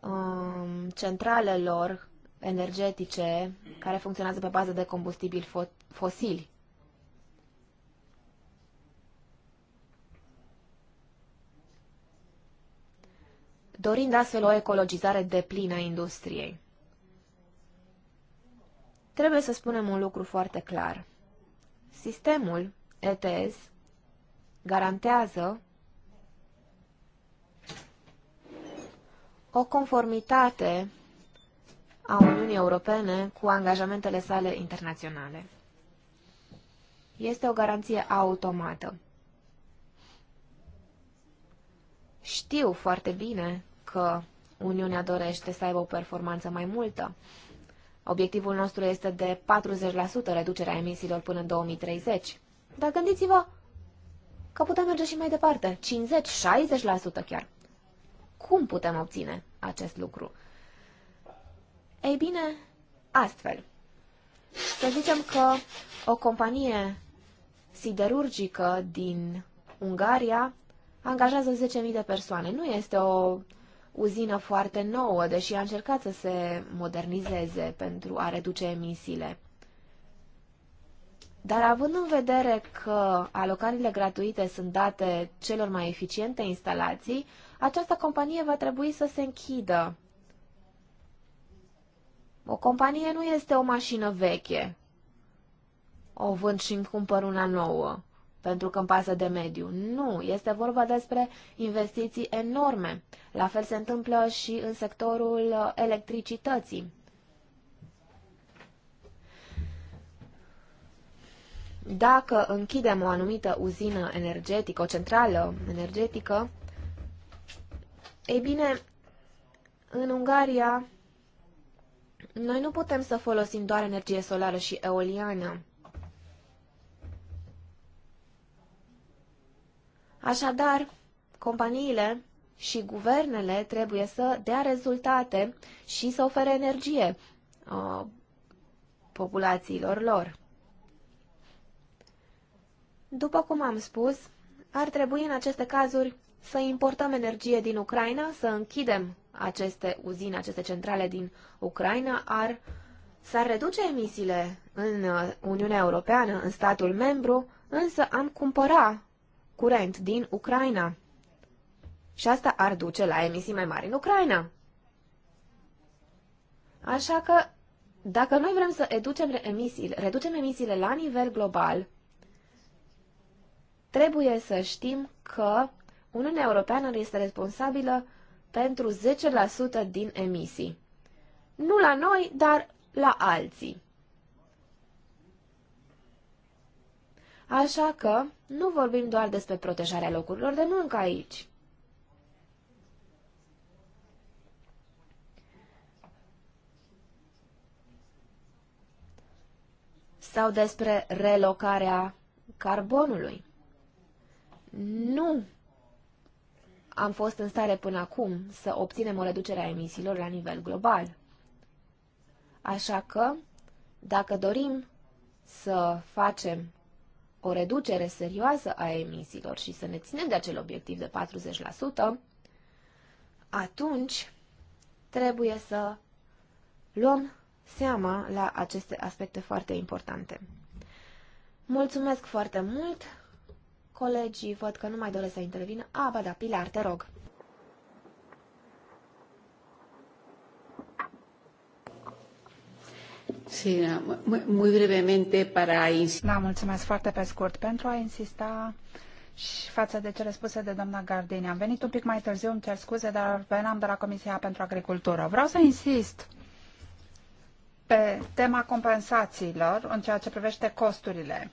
um, centralelor energetice care funcționează pe bază de combustibili fo- fosili. dorind astfel o ecologizare deplină a industriei. Trebuie să spunem un lucru foarte clar. Sistemul ETS garantează o conformitate a Uniunii Europene cu angajamentele sale internaționale. Este o garanție automată. Știu foarte bine că Uniunea dorește să aibă o performanță mai multă. Obiectivul nostru este de 40% reducerea emisiilor până în 2030. Dar gândiți-vă că putem merge și mai departe, 50-60% chiar. Cum putem obține acest lucru? Ei bine, astfel. Să zicem că o companie siderurgică din Ungaria angajează 10.000 de persoane. Nu este o uzină foarte nouă, deși a încercat să se modernizeze pentru a reduce emisiile. Dar având în vedere că alocările gratuite sunt date celor mai eficiente instalații, această companie va trebui să se închidă o companie nu este o mașină veche. O vând și îmi cumpăr una nouă, pentru că îmi pasă de mediu. Nu, este vorba despre investiții enorme. La fel se întâmplă și în sectorul uh, electricității. Dacă închidem o anumită uzină energetică, o centrală energetică, ei bine, în Ungaria noi nu putem să folosim doar energie solară și eoliană. Așadar, companiile și guvernele trebuie să dea rezultate și să ofere energie uh, populațiilor lor. După cum am spus, ar trebui în aceste cazuri să importăm energie din Ucraina, să închidem aceste uzine, aceste centrale din Ucraina ar s-ar reduce emisiile în uh, Uniunea Europeană, în statul membru, însă am cumpăra curent din Ucraina. Și asta ar duce la emisii mai mari în Ucraina. Așa că, dacă noi vrem să educem emisiile, reducem emisiile la nivel global, trebuie să știm că Uniunea Europeană este responsabilă pentru 10% din emisii. Nu la noi, dar la alții. Așa că nu vorbim doar despre protejarea locurilor de muncă aici. Sau despre relocarea carbonului. Nu am fost în stare până acum să obținem o reducere a emisiilor la nivel global. Așa că, dacă dorim să facem o reducere serioasă a emisiilor și să ne ținem de acel obiectiv de 40%, atunci trebuie să luăm seama la aceste aspecte foarte importante. Mulțumesc foarte mult! Colegii văd că nu mai doresc să intervină. A, ba da, Pilar, te rog. da, mulțumesc foarte pe scurt. Pentru a insista și față de cele spuse de doamna Gardini, am venit un pic mai târziu, îmi cer scuze, dar veneam de la Comisia pentru Agricultură. Vreau să insist pe tema compensațiilor în ceea ce privește costurile.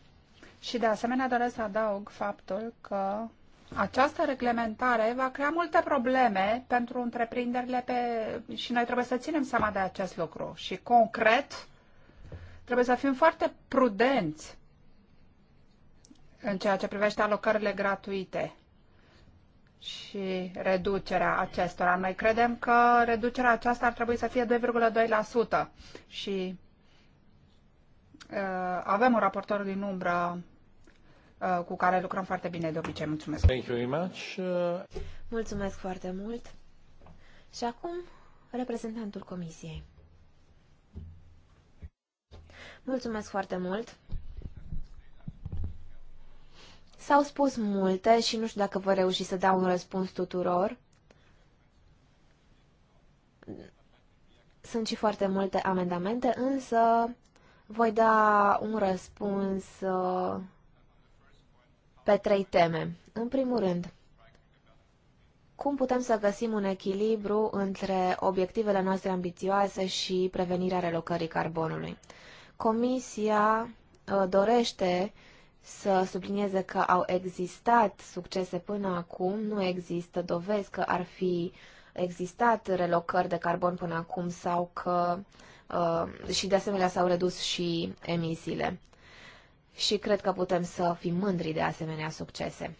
Și de asemenea doresc să adaug faptul că această reglementare va crea multe probleme pentru întreprinderile pe... și noi trebuie să ținem seama de acest lucru. Și concret, trebuie să fim foarte prudenți în ceea ce privește alocările gratuite și reducerea acestora. Noi credem că reducerea aceasta ar trebui să fie 2,2% și Uh, avem un raportor din umbră uh, cu care lucrăm foarte bine de obicei. Mulțumesc. Thank you very much. Mulțumesc foarte mult. Și acum, reprezentantul comisiei. Mulțumesc foarte mult. S-au spus multe și nu știu dacă vă reuși să dau un răspuns tuturor. Sunt și foarte multe amendamente, însă voi da un răspuns uh, pe trei teme. În primul rând, cum putem să găsim un echilibru între obiectivele noastre ambițioase și prevenirea relocării carbonului? Comisia uh, dorește să sublinieze că au existat succese până acum, nu există dovezi că ar fi existat relocări de carbon până acum sau că uh, Uh, și de asemenea s-au redus și emisiile. Și cred că putem să fim mândri de asemenea succese.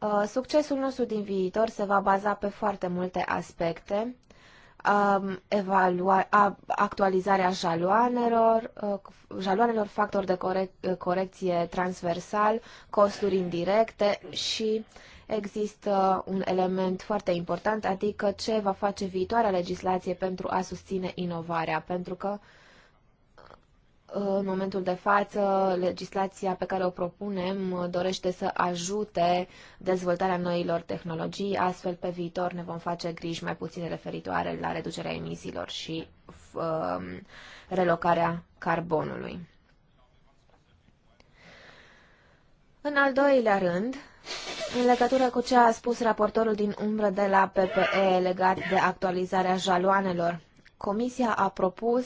Uh, succesul nostru din viitor se va baza pe foarte multe aspecte, um, evalua, actualizarea jaloanelor, uh, jaloanelor factori de corec, corecție transversal, costuri indirecte și există un element foarte important, adică ce va face viitoarea legislație pentru a susține inovarea, pentru că în momentul de față, legislația pe care o propunem dorește să ajute dezvoltarea noilor tehnologii, astfel pe viitor ne vom face griji mai puțin referitoare la reducerea emisiilor și uh, relocarea carbonului. În al doilea rând, în legătură cu ce a spus raportorul din umbră de la PPE legat de actualizarea jaloanelor, Comisia a propus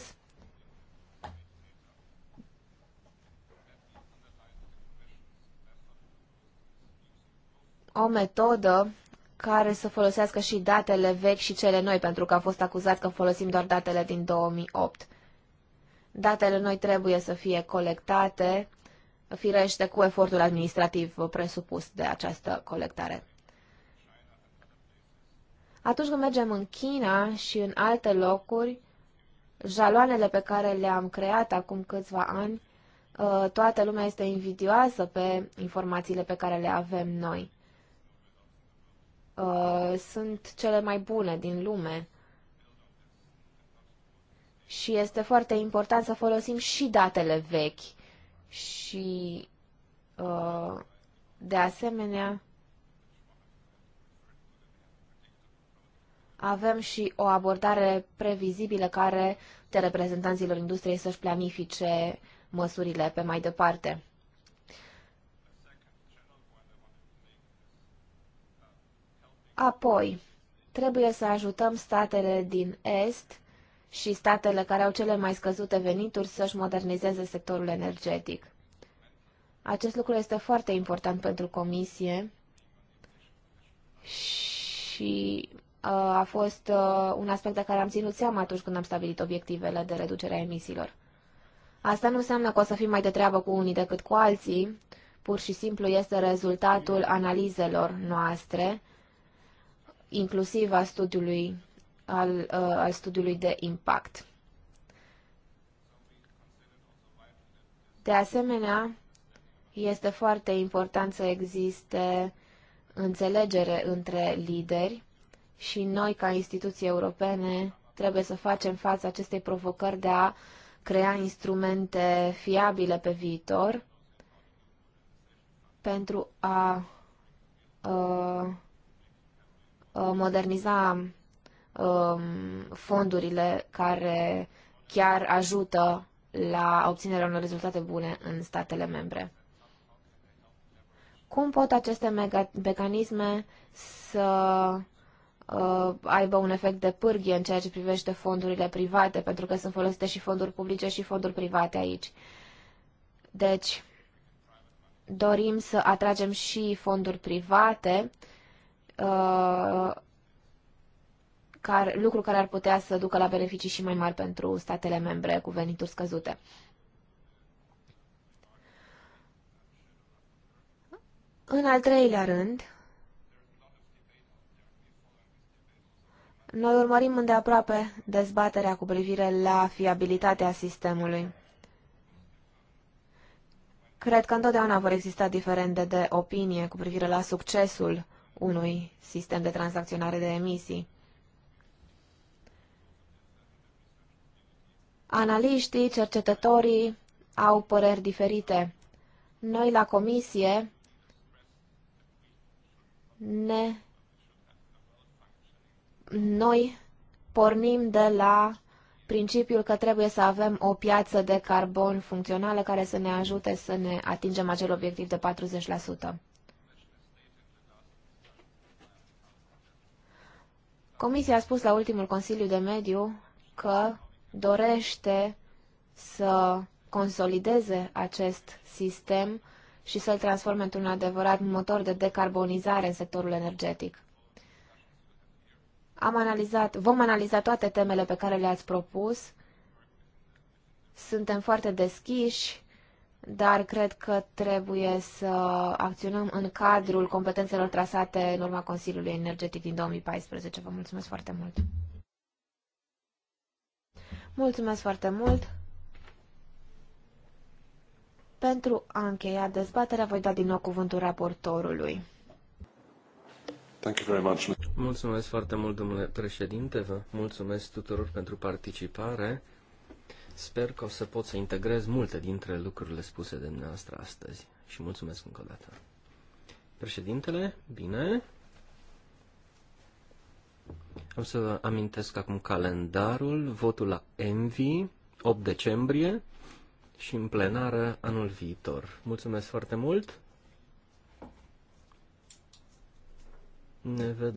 o metodă care să folosească și datele vechi și cele noi, pentru că a fost acuzat că folosim doar datele din 2008. Datele noi trebuie să fie colectate firește cu efortul administrativ presupus de această colectare. Atunci când mergem în China și în alte locuri, jaloanele pe care le-am creat acum câțiva ani, ă, toată lumea este invidioasă pe informațiile pe care le avem noi. Ă, sunt cele mai bune din lume. Și este foarte important să folosim și datele vechi și uh, de asemenea avem și o abordare previzibilă care de reprezentanților industriei să-și planifice măsurile pe mai departe. Apoi, trebuie să ajutăm statele din Est și statele care au cele mai scăzute venituri să-și modernizeze sectorul energetic. Acest lucru este foarte important pentru Comisie și uh, a fost uh, un aspect de care am ținut seama atunci când am stabilit obiectivele de reducere a emisiilor. Asta nu înseamnă că o să fim mai de treabă cu unii decât cu alții, pur și simplu este rezultatul analizelor noastre, inclusiv a studiului al, uh, al studiului de impact. De asemenea, este foarte important să existe înțelegere între lideri și noi, ca instituții europene, trebuie să facem față acestei provocări de a crea instrumente fiabile pe viitor pentru a, a, uh, a uh, moderniza Um, fondurile care chiar ajută la obținerea unor rezultate bune în statele membre. Cum pot aceste mecanisme să uh, aibă un efect de pârghie în ceea ce privește fondurile private, pentru că sunt folosite și fonduri publice și fonduri private aici. Deci, dorim să atragem și fonduri private uh, care, lucru care ar putea să ducă la beneficii și mai mari pentru statele membre cu venituri scăzute. În al treilea rând, noi urmărim îndeaproape dezbaterea cu privire la fiabilitatea sistemului. Cred că întotdeauna vor exista diferende de opinie cu privire la succesul unui sistem de tranzacționare de emisii. Analiștii, cercetătorii au păreri diferite. Noi la comisie ne noi pornim de la principiul că trebuie să avem o piață de carbon funcțională care să ne ajute să ne atingem acel obiectiv de 40%. Comisia a spus la ultimul Consiliu de Mediu că dorește să consolideze acest sistem și să-l transforme într-un adevărat motor de decarbonizare în sectorul energetic. Am analizat, vom analiza toate temele pe care le-ați propus. Suntem foarte deschiși, dar cred că trebuie să acționăm în cadrul competențelor trasate în urma Consiliului Energetic din 2014. Vă mulțumesc foarte mult! Mulțumesc foarte mult! Pentru a încheia dezbaterea, voi da din nou cuvântul raportorului. Thank you very much. Mulțumesc foarte mult, domnule președinte, vă mulțumesc tuturor pentru participare. Sper că o să pot să integrez multe dintre lucrurile spuse de dumneavoastră astăzi și mulțumesc încă o dată. Președintele, bine. Am să vă amintesc acum calendarul, votul la Envi, 8 decembrie și în plenară anul viitor. Mulțumesc foarte mult! Ne vedem!